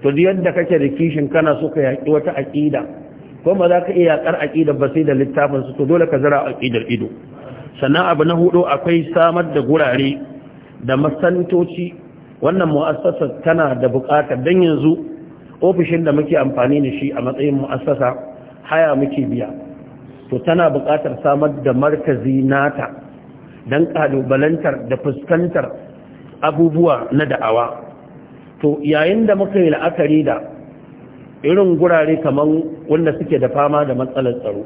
to duk yadda kake da kishin kana so ka yaƙi wata aƙida ko ba za ka iya yaƙar aƙida ba sai da littafin su to dole ka zira aƙidar ido sannan abu na hudu akwai samar da gurare da masantoci wannan mu'assasa tana da buƙatar dan yanzu ofishin da muke amfani da shi a matsayin mu'assasa haya muke biya to tana buƙatar samar da markazi nata don ƙalubalantar da fuskantar abubuwa na da'awa to yayin da muka yi la'akari da irin gurare kamar wanda suke da fama da matsalar tsaro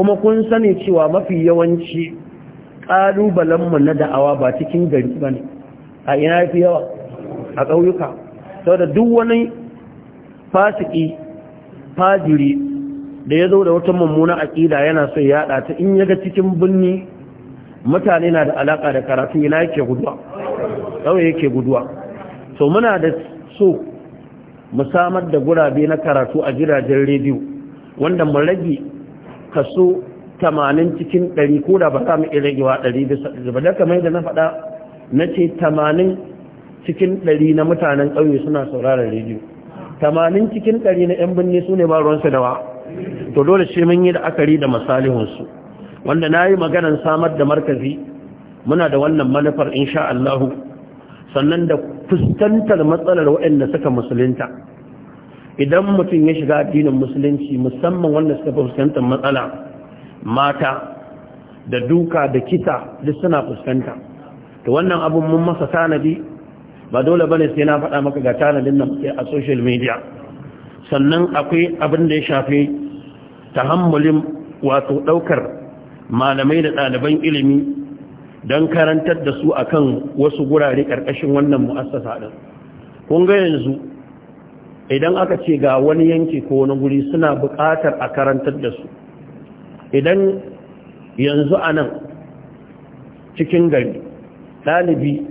kuma kun sani cewa mafi yawanci ƙalubalenmu na da'awa ba cikin gari ba ne a ina ya fi yawa a ƙauyuka sau da duk wani fasiki fajiri da ya zo da wata mummuna aƙida yana so ya yaɗa ta in yaga cikin birni mutane na da alaƙa da karatu ina yake guduwa ƙauye yake guduwa so muna da so mu samar da gurabe na karatu a jiragen rediyo wanda mu rage kaso 80 cikin 100 ko da ba za mu iya ragewa 100 bisa da kamar da na faɗa na ce tamanin cikin ɗari na mutanen ƙauye suna sauraron rediyo tamanin cikin ɗari na 'yan birni su ne ba ruwansu da wa to dole shi mun yi da akari da masalihunsu wanda na yi maganan samar da markazi muna da wannan manufar insha Allahu sannan da fuskantar matsalar waɗanda suka musulunta idan mutum ya shiga addinin musulunci musamman wanda suka fuskantar matsala mata da duka da kita duk suna fuskanta to wannan abun mun masa tanadi ba dole bane sai na faɗa maka ga tanadin nan a social media sannan akwai abin da ya shafi tahammulin wato ɗaukar malamai da ɗaliban ilimi don karantar da su akan wasu gurare ƙarƙashin wannan mu'assasa ɗin kun ga yanzu idan aka ce ga wani yanki ko wani guri suna buƙatar a karantar da su idan yanzu a nan cikin gari ɗalibi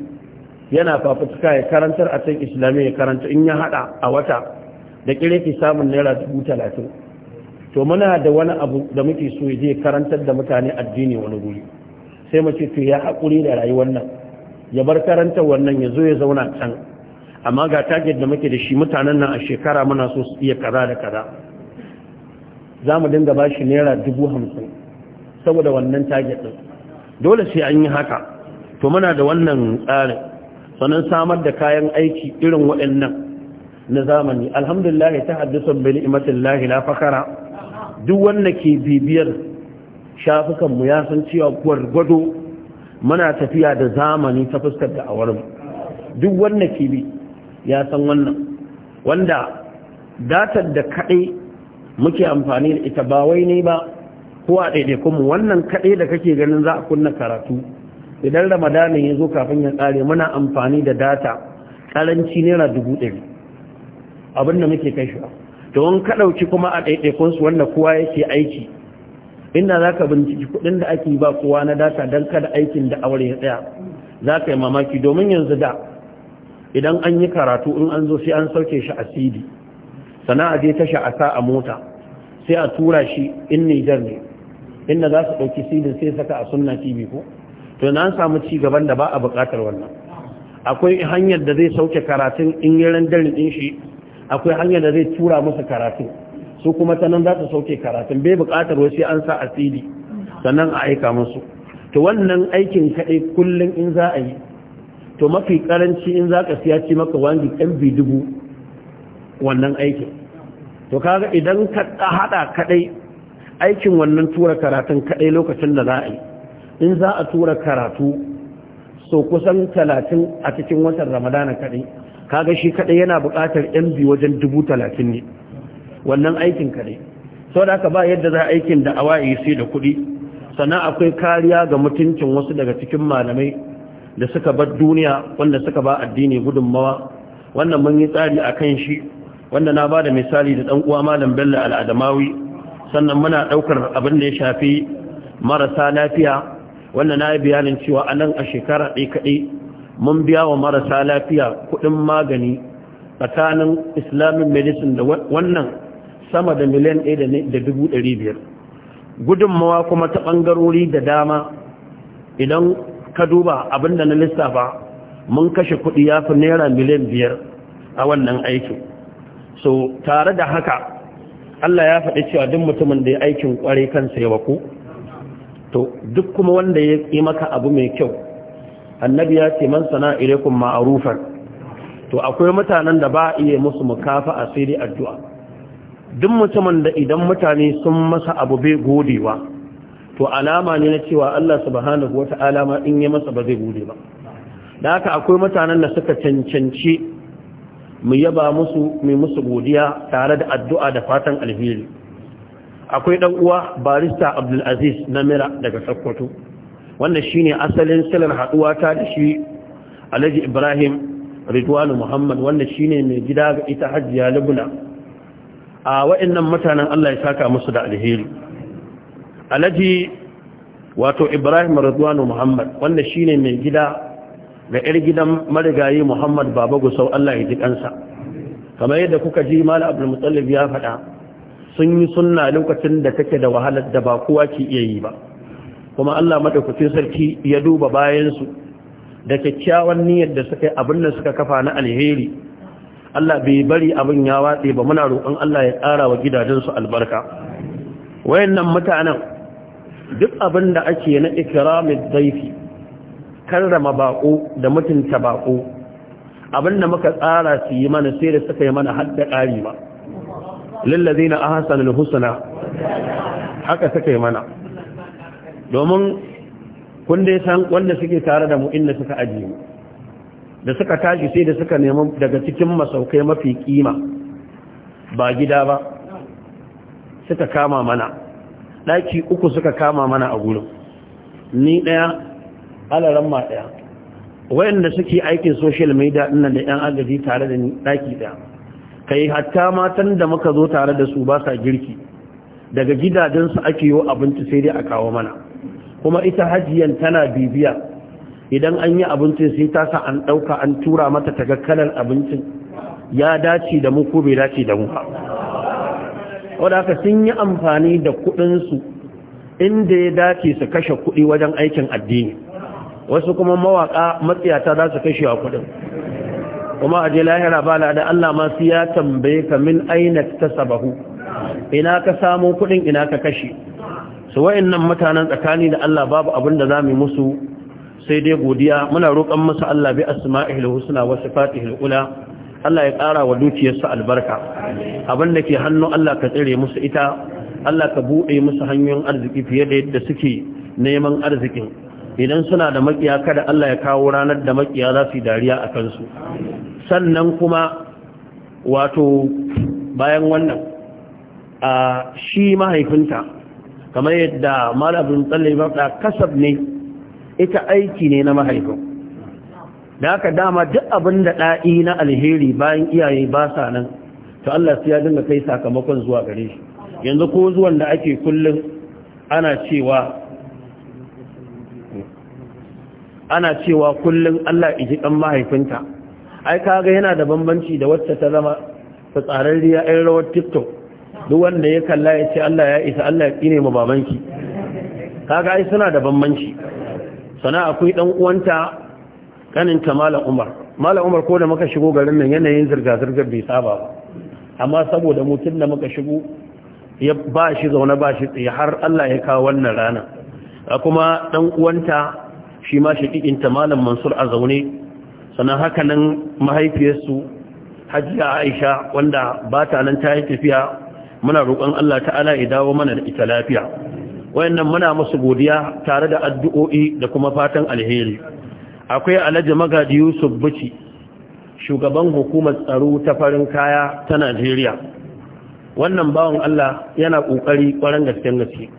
yana fafutuka ya karantar a can islami ya karanta in ya haɗa a wata da kire ke samun naira dubu talatin to muna da wani abu da muke so ya je karantar da mutane addini wani guri sai mu ce to ya haƙuri da rayuwar nan ya bar karanta wannan ya zo ya zauna can amma ga target da muke da shi mutanen nan a shekara muna so su iya kaza da kaza za mu dinga ba shi naira dubu hamsin saboda wannan target ɗin dole sai an yi haka to muna da wannan tsarin sanan samar da kayan aiki irin waɗannan na zamani alhamdulillah ta haddasan bi ni'matillah la fakara duk wanda ke bibiyar shafukan mu ya san cewa gwado, muna tafiya da zamani ta fuskar da awarin duk wanda ke bi ya san wannan wanda datar da kaɗai muke amfani da ita ba wai ne ba ko a ɗaiɗaikunmu wannan kaɗai da kake ganin za a kunna karatu idan ramadanin ya zo kafin ya kare muna amfani da data karanci naira dubu ɗari abin da muke kai shi don ka ɗauki kuma a ɗaiɗaikun su wanda kowa yake aiki inda za ka binciki kuɗin da ake ba kowa na data don kada aikin da aure ya tsaya za ka yi mamaki domin yanzu da idan an yi karatu in an zo sai an sauke shi a cd sana'a je tasha a sa a mota sai a tura shi in nijar ne inda za su ɗauki sidin sai saka a sunna tv ko to na samu ci gaban da ba a buƙatar wannan akwai hanyar da zai sauke karatun in yi randarin din shi akwai hanyar da zai tura musu karatun su kuma ta nan za su sauke karatun bai buƙatar wasu an sa a sannan a aika musu to wannan aikin kaɗai kullum in za a yi to mafi karanci in za ka siya ci maka wani ɗanbi dubu wannan aikin to kaga idan ka haɗa kaɗai aikin wannan tura karatun kaɗai lokacin da za a yi in za a tura karatu so kusan talatin a cikin watan ramadana kaɗai kaga shi kaɗai yana buƙatar biyu wajen dubu talatin ne wannan aikin kaɗai sau da aka ba yadda za aikin da awa yi sai da kuɗi sannan akwai kariya ga mutuncin wasu daga cikin malamai da suka bar duniya wanda suka ba addini gudunmawa wannan mun yi tsari a kan shi wanda na ba da misali da ɗan uwa malam bello al'adamawi sannan muna ɗaukar abin da ya shafi marasa lafiya wannan na yi bayanin cewa a nan a shekara ɗai kaɗai mun biya wa marasa lafiya kuɗin magani tsakanin islamic medicine da wannan sama da miliyan ɗaya da dubu ɗari biyar gudunmawa kuma ta ɓangarori da dama idan ka duba abin da na lissafa mun kashe kuɗi ya fi naira miliyan biyar a wannan aikin so tare da haka Allah ya faɗi cewa duk mutumin da ya aikin ƙware kansa ya wako to duk kuma wanda ya yi maka abu mai kyau annabi ya ce man sana ilaikum ma'rufan to akwai mutanen da ba a iya musu mukafa asiri addu'a duk mutumin da idan mutane sun masa abu bai godewa to alama ne na cewa Allah subhanahu wata'ala ma in yi masa ba zai gode ba da haka akwai mutanen da suka cancanci mu yaba musu mai musu godiya tare da addu'a da fatan alheri akwai dan uwa barista Abdul Aziz mira daga sakkwato wannan shine asalin silar haduwa ta da shi Alhaji Ibrahim Ridwan Muhammad wannan shine mai gida ga ita Hajjiya Lubna a waɗannan mutanen Allah ya saka musu da alheri Alhaji wato Ibrahim Ridwan Muhammad wannan shine mai gida ga yar gidan marigayi Muhammad Baba Gusau Allah ya ji kansa kamar yadda kuka ji Malam Abdul Muttalib ya faɗa sun yi sunna lokacin da take da wahalar da ba kowa ke iya yi ba kuma Allah madaukakin sarki ya duba bayan su da kyakkyawan niyyar da suka abin da suka kafa na alheri Allah bai bari abin ya watse ba muna roƙon Allah ya ƙara wa gidajen su albarka wayannan mutanen duk abin da ake na ikramin zaifi karrama baƙo da mutunta baƙo abin da muka tsara su yi mana sai da suka yi mana hadda ƙari ba lillazina na husna haka take mana domin kun dai san wanda suke tare da mu inda suka ajiye da suka tashi sai da suka nemi daga cikin masaukai mafi kima ba gida ba suka kama mana Daki uku suka kama mana a gurin ni ɗaya alaran ma ɗaya wayanda suke aikin social media ina da 'yan agaji tare da ni ɗaki ɗaya kai hatta matan da muka zo tare da su ba sa girki daga gidajensu ake yi abinci sai dai a kawo mana kuma ita hajiyan tana bibiya idan an yi abincin sai ta sa an ɗauka an tura mata ta ga kalan abincin ya dace da mu ko bai dace da mu wadda haka sun yi amfani da kuɗinsu inda ya dace su kashe kuɗi wajen aikin addini wasu kuma mawaka matsiyata za su kashe wa kuɗin kuma je lahira ba da Allah ma su ya tambaye ka min aina ta sabahu ina ka samu kuɗin ina ka kashe su wa'annan mutanen tsakani da Allah babu abin da za mu musu sai dai godiya muna roƙon masa Allah bi asma'ihil husna wa sifatihil ula Allah ya ƙara wa dukiyarsa albarka abin da ke hannu Allah ka tsire musu ita Allah ka buɗe musu hanyoyin arziki fiye da yadda suke neman arzikin idan suna da makiya kada Allah ya kawo ranar da makiya za su dariya a kansu sannan kuma wato bayan wannan a shi mahaifinta kamar yadda malabin tsalle mafi kasab ne ita aiki ne na mahaifin da aka dama duk abin da ɗa'i na alheri bayan iyaye ba sa nan ta Allah su ya dinga kai sakamakon zuwa gare shi yanzu ko zuwan da ake kullum ana cewa ana cewa kullum Allah iji ɗan mahaifinta ai kaga yana da bambanci da wacce ta zama ta tsararriya ɗan rawar tiktok duk wanda ya kalla ya ce Allah ya isa Allah ya kine mu babanki kaga ai suna da bambanci sana akwai ɗan uwanta kaninta malam umar malam umar ko da muka shigo garin nan yanayin zirga-zirgar bai saba ba amma saboda mutum da muka shigo ya ba shi zaune ba shi tsaye har allah ya kawo wannan rana kuma ɗan uwanta shi ma shaƙiƙin ta malam mansur a zaune sannan hakanan nan mahaifiyarsu hajiya aisha wanda ba ta nan ta yi tafiya muna roƙon allah ta'ala ya dawo mana da ita lafiya wayannan muna musu godiya tare da addu'o'i da kuma fatan alheri akwai alhaji magadi yusuf bici shugaban hukumar tsaro ta farin kaya ta najeriya wannan bawan allah yana ƙoƙari ƙwarar gaske gaske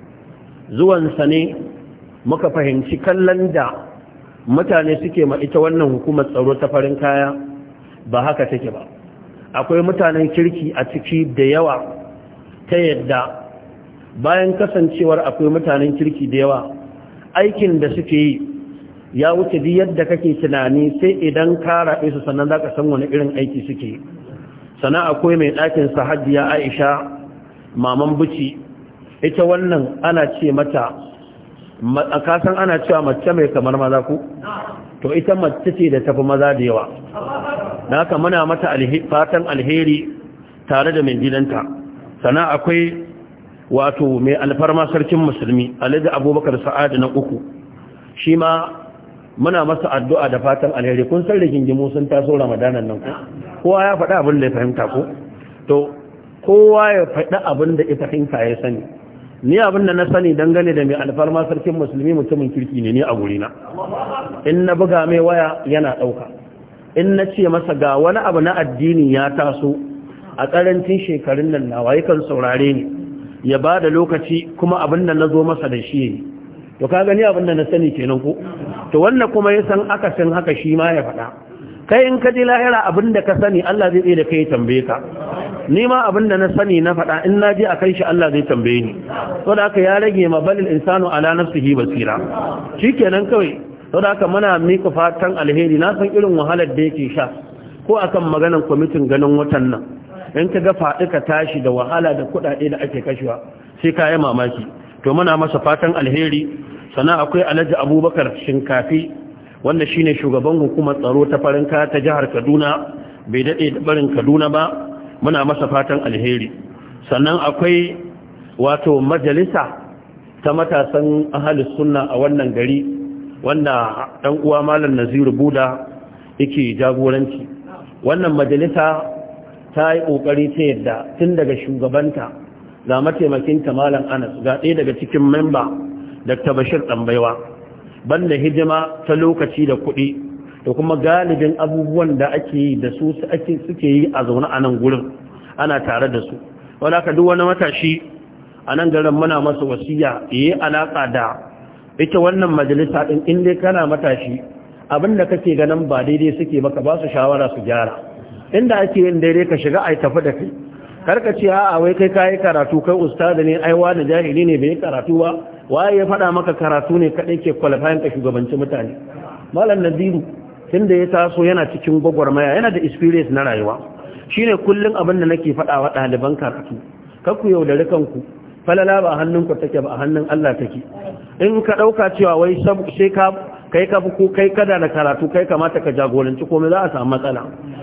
zuwansa ne muka fahimci kallon da mutane suke ma ita wannan hukumar tsaro ta farin kaya ba haka take ba akwai mutanen kirki a ciki da yawa ta yadda bayan kasancewar akwai mutanen kirki da yawa aikin da suke yi ya wuce duk yadda kake tunani sai idan ka raɓe su sannan za ka san wani irin aiki suke sana akwai mai ɗakin sahajiya aisha maman buci ita wannan ana ce mata kasan ana cewa mace mai kamar maza ku to ita mace ce da tafi maza da yawa na haka muna mata fatan alheri tare da mai gidanta sana akwai wato mai alfarma sarkin musulmi alhaji abubakar sa'adu na uku shi ma muna masa addu'a da fatan alheri kun san gingimu sun taso ramadanan nan ku kowa ya faɗi abin da ya fahimta ku? to kowa ya faɗi abin da ya fahimta ya sani ni abin da na sani dangane da mai alfarma sarkin musulmi mutumin kirki ne ni a gurina in na buga mai waya yana ɗauka in na ce masa ga wani abu na addini ya taso a ƙarancin shekarun nan nawa yakan saurare ne, ya ba da lokaci kuma abin da na zo masa da shi ne to ka gani abin da na sani kenan ko to wannan kuma ya san aka san haka shi ma ya faɗa kai in ka ji lahira abin da ka sani Allah zai tsaye da kai tambaye ka ni ma abin da na sani na faɗa in na je a kai shi Allah zai tambaye ni to da aka ya rage ma balil insanu ala nafsihi basira shikenan kawai to da aka muna mika fatan alheri na san irin wahalar da yake sha ko akan maganar kwamitin ganin watan nan in ka ga faɗi ka tashi da wahala da kuɗaɗe da ake kashewa sai ka yi mamaki to muna masa fatan alheri sana akwai alhaji abubakar shinkafi wanda shine shugaban hukumar tsaro ta farin ta jihar kaduna bai daɗe da barin kaduna ba muna masa fatan alheri sannan akwai wato majalisa ta matasan ahalis sunna a wannan gari wanda dan uwa malam Naziru Buda yake jagoranci wannan majalisa ta yi ƙoƙari ta yadda tun daga shugabanta ga mataimakinta malam Anas ga ɗaya daga cikin memba Dr. Bashir Dambaiwa banda hidima ta lokaci da kuɗi da kuma galibin abubuwan da ake yi da su suke yi a zaune a nan gurin ana tare da su wala ka duk wani matashi a nan garin muna masa wasiya yayi alaka da ita wannan majalisa din in dai kana matashi abinda kake ganin ba daidai suke maka ba su shawara su gyara inda ake yin daidai ka shiga ai tafi da kai karka ce a'a wai kai kai karatu kai ustaz ne ai wani jahili ne bai karatu ba waye ya faɗa maka karatu ne kaɗai ke kwalifayin ka shugabanci mutane malam Nadiru. tun da ya taso yana cikin gwagwarmaya yana da experience na rayuwa Shi ne kullum abin da nake faɗa wa ɗaliban karatu kakku yaudari kanku falala ba a hannunku take ba a hannun Allah take in ka ɗauka cewa wai sai ka kai ka fi ko kai kada na karatu kai kamata ka jagoranci komai za a samu matsala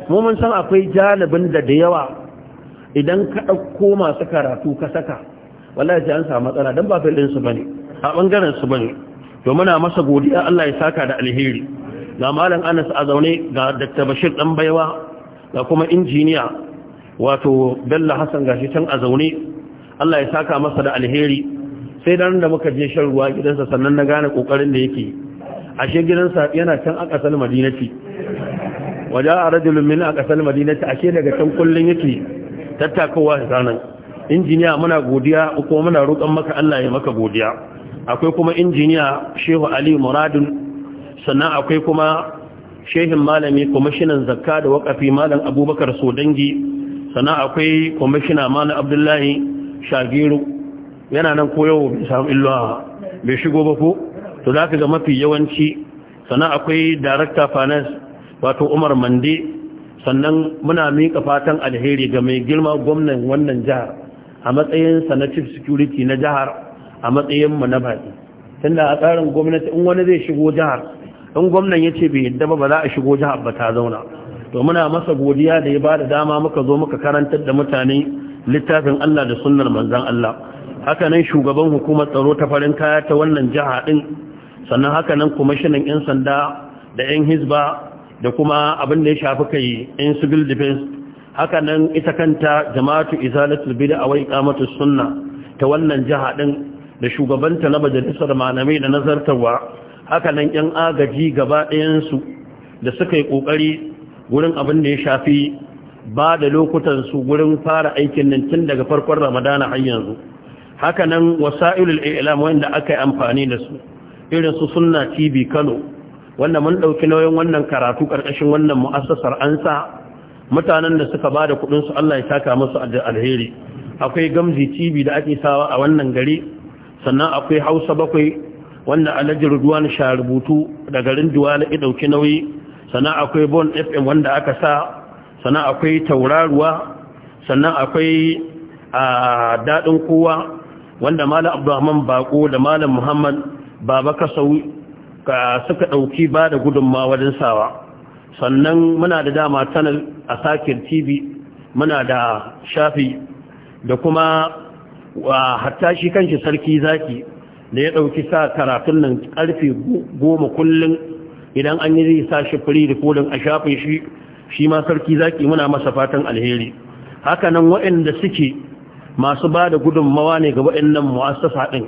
mu mun san akwai janibin da da yawa idan ka ɗauko masu karatu ka saka wallahi sai an samu matsala dan ba filin su bane a bangaren su bane to muna masa godiya Allah ya saka da alheri ga malam anas a zaune ga dr bashir dan baiwa ga kuma injiniya wato bello hassan gashi can a zaune allah ya saka masa da alheri sai da da muka je shan ruwa gidansa sannan na gane kokarin da yake ashe gidansa yana can a kasar madinati waje a rajulun min a kasar madinati ashe daga can kullun yake tattakawa sanan injiniya muna godiya uku muna roƙon maka allah ya maka godiya akwai kuma injiniya shehu Aliyu muradun sannan akwai kuma shehin malami kwamishinan zakka da wakafi malam abubakar sodangi sannan akwai kwamishina malam abdullahi shagiru yana nan koyo bai samu illuwa bai shigo ba ko to za ka ga mafi yawanci sannan akwai darakta finance wato umar mande sannan muna miƙa fatan alheri ga mai girma gwamnan wannan jihar a matsayinsa na chief security na jihar a mu na baƙi tunda a tsarin gwamnati in wani zai shigo jihar in gwamnan ya ce bai yadda ba ba za a shigo jihar ba ta zauna to muna masa godiya da ya ba da dama muka zo muka karantar da mutane littafin Allah da sunnar manzan Allah haka nan shugaban hukumar tsaro ta farin kaya ta wannan jiha din sannan haka nan kwamishinan 'yan sanda da 'yan hizba da kuma abin da ya shafi kai 'yan civil defense haka nan ita kanta jama'atu izalatul bid'a wa iqamatus sunna ta wannan jiha din da shugabanta na majalisar malamai da nazartarwa hakanan nan yan agaji gaba ɗayansu da suka yi ƙoƙari wurin abin da ya shafi ba da lokutansu wurin fara aikin nan tun daga farkon ramadana har yanzu haka nan wasa'ilul ilam wanda aka yi amfani da su irin su sunna tv kano wanda mun ɗauki nauyin wannan karatu ƙarƙashin wannan mu'assasar ansa mutanen da suka ba da kuɗinsu allah ya taka musu alheri akwai gamzi tv da ake sawa a wannan gari sannan akwai hausa bakwai Wannan alhaji ruduwan sha rubutu da garin duwala ya dauki nauyi sannan akwai bon fm wanda aka sa sannan akwai tauraruwa sannan akwai a daɗin kowa wanda malam abdulrahman bako da malam muhammad baba kasau ka suka ɗauki ba da gudunma wajen sawa sannan muna da dama tanar a sakin tv muna da shafi da kuma hatta shi kanshi sarki zaki da ya ɗauki sa karatun nan ƙarfe goma kullum idan an yi zai sa shi firi da kodin a shafin shi shi ma sarki zaki muna masa fatan alheri haka nan waɗanda suke masu ba da gudunmawa ne ga waɗannan mu'assasa ɗin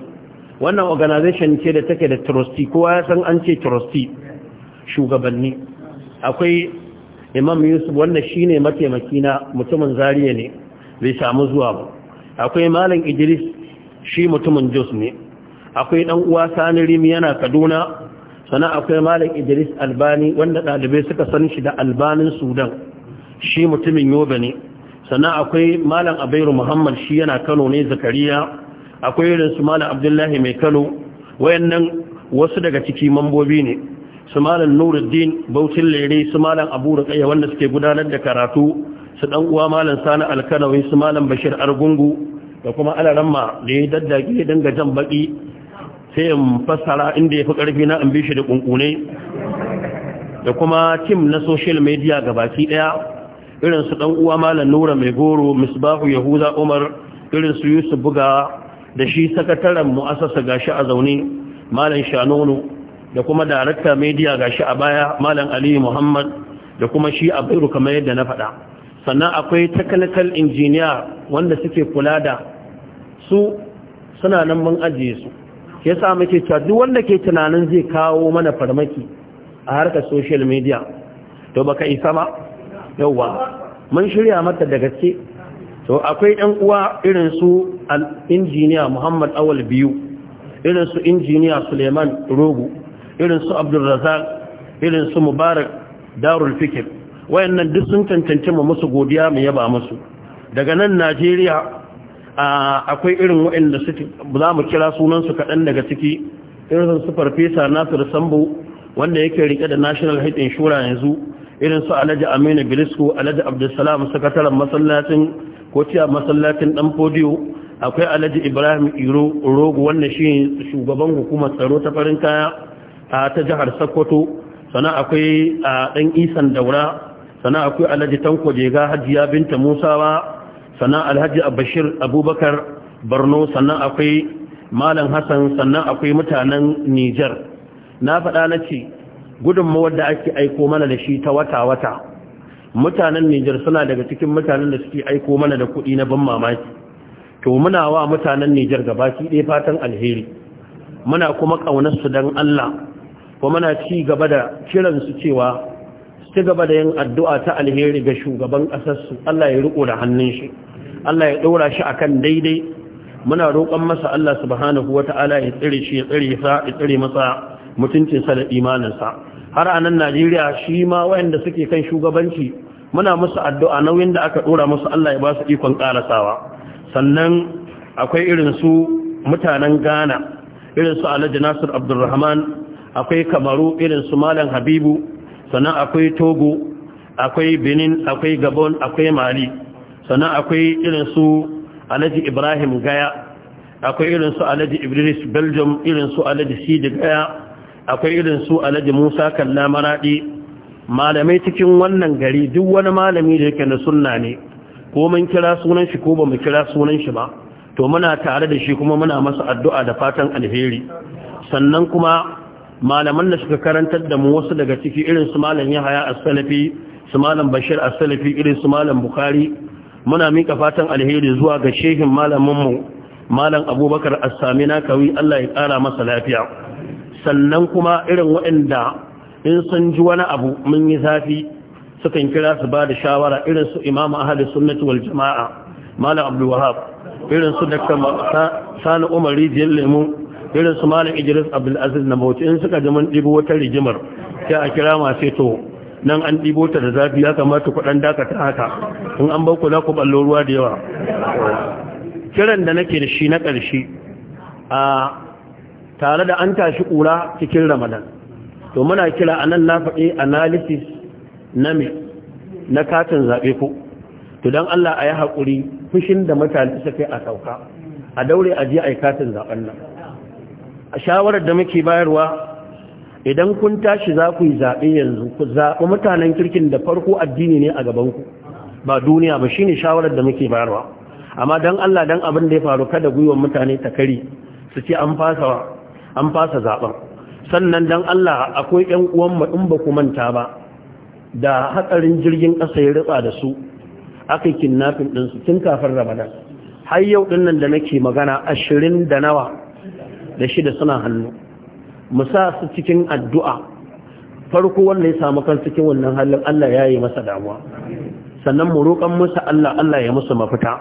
wannan organization ce da take da trustee kowa ya san an ce trustee shugabanni akwai imam yusuf wannan ne mataimaki na mutumin zariya ne bai samu zuwa ba akwai malam idris shi mutumin jos ne akwai ɗan uwa Sani Rimi yana Kaduna sana akwai Malik Idris Albani wanda ɗalibai suka san shi da Albanin Sudan shi mutumin Yobe ne sana akwai Malam Abairu Muhammad shi yana Kano ne Zakariya akwai irin su Malam Abdullahi mai Kano wayannan wasu daga ciki mambobi ne su Malam Nuruddin Bautin Lere su Malam Abu Ruqayya wanda suke gudanar da karatu su dan uwa Malam Sani Alkanawi su Malam Bashir Argungu da kuma alaramma da ya daddage danga jan baki sai in fassara inda ya fi ƙarfi na in shi da ƙunƙune da kuma tim na social media ga baki ɗaya irin su ɗan uwa malam nura mai goro misbahu yahuza umar irin su yusuf buga da shi sakataren mu'asasa gashi a zaune malam shanonu da kuma darakta media gashi a baya malam aliyu muhammad da kuma shi a bairu kamar yadda na faɗa sannan akwai technical engineer wanda suke kula da su suna nan mun ajiye su ya sa muke cewa duk wanda ke tunanin zai kawo mana farmaki a harkar social media to baka isa ba yauwa mun shirya mata da gaske to akwai ɗan uwa irin su injiniya Muhammad Awal biyu irin su injiniya Suleiman Rogo irin su Abdulrazak irin su Mubarak Darul Fikir wayannan duk sun tantance mu musu godiya mu yaba musu daga nan Najeriya Ah, akwai irin waɗanda suke za mu kira sunansu kaɗan daga ciki irin su farfesa nasir sambo wanda yake rike da national health insurance yanzu irin su alhaji aminu bilisko alhaji abdulsalam sakataren masallacin ko kociya masallacin dan fodiyo akwai alhaji ibrahim iro rogo wannan shi shugaban hukumar tsaro ta farin kaya ta jihar sokoto sannan akwai dan isan daura sannan akwai alhaji tanko jega hajiya binta musawa sannan alhaji abashir abubakar barno sannan akwai malam hassan sannan akwai mutanen nijar na faɗa na ce gudunmawar da ake aiko mana da shi ta wata-wata mutanen nijar suna daga cikin mutanen da suke aiko mana da kuɗi na ban mamaki to muna wa mutanen nijar gabaki ɗaya fatan alheri muna kuma ƙaunarsu don allah kuma muna ci gaba da kiransu cewa ci gaba da yin addu'a ta alheri ga shugaban ƙasarsu Allah ya riko da hannun shi Allah ya ɗora shi a kan daidai muna roƙon masa Allah subhanahu wata'ala ya tsiri shi ya tsiri sa ya tsiri masa mutuncinsa da imaninsa har a nan Najeriya shi ma wayanda suke kan shugabanci muna musu addu'a nauyin da aka ɗora musu Allah ya ba su ikon ƙarasawa sannan akwai irin su mutanen Ghana irin su Alhaji Nasir Abdulrahman akwai Kamaru irin su Malam Habibu sannan akwai togo akwai benin akwai gabon akwai mali sannan akwai irin su alaji ibrahim gaya akwai irin su alaji ibris belgium irin su alaji sidi gaya akwai irin su alaji musa kalla maradi malamai cikin wannan gari duk wani malami da yake na sunna ne ko mun kira sunan shi ko ba mu kira sunan shi ba to muna tare da shi kuma muna masa addu'a da fatan alheri sannan kuma malaman da suka karantar da mu wasu daga ciki irin su malam Yahaya as-Salafi su malam Bashir as-Salafi irin su malam Bukhari muna mika fatan alheri zuwa ga shehin malamin mu malam Abubakar as-Samina kawi Allah ya kara masa lafiya sannan kuma irin waɗanda in sun ji wani abu mun yi zafi sukan kira su ba da shawara irin su Imam Ahlus Sunnati wal Jama'a malam Abdul Wahhab irin su Dr. Sani Umar Rijiyar Lemu irin su malam idris abdulaziz na bauchi in suka ji ɗibo wata rigimar sai a kira masu to nan an ɗibo ta da zafi ya kamata ku ɗan dakata haka in an bauku za ku ɓallo ruwa da yawa kiran da nake da shi na ƙarshe a tare da an tashi ƙura cikin ramadan to muna kira a nan na faɗi analysis na me na katin zaɓe ko to don allah a yi haƙuri fushin da mutane suka yi a sauka a daure a je a yi katin zaɓen nan a shawarar da muke bayarwa idan kun tashi za ku yi zaɓe yanzu ku zaɓi mutanen kirkin da farko addini ne a gabanku ba duniya ba shine shawarar da muke bayarwa amma dan Allah dan abin da ya faru kada gwiwar mutane ta kare su ce an fasa an fasa zaben sannan dan Allah akwai ƴan uwan mu in ba ku manta ba da hatsarin jirgin ƙasa ya ritsa da su aka kinnafin din su tun kafin Ramadan har yau din da nake magana 20 da nawa da shida suna hannu mu sa su cikin addu'a farko wanda ya samu kan cikin wannan halin Allah ya yi masa damuwa sannan mu roƙan musu Allah Allah ya musu mafita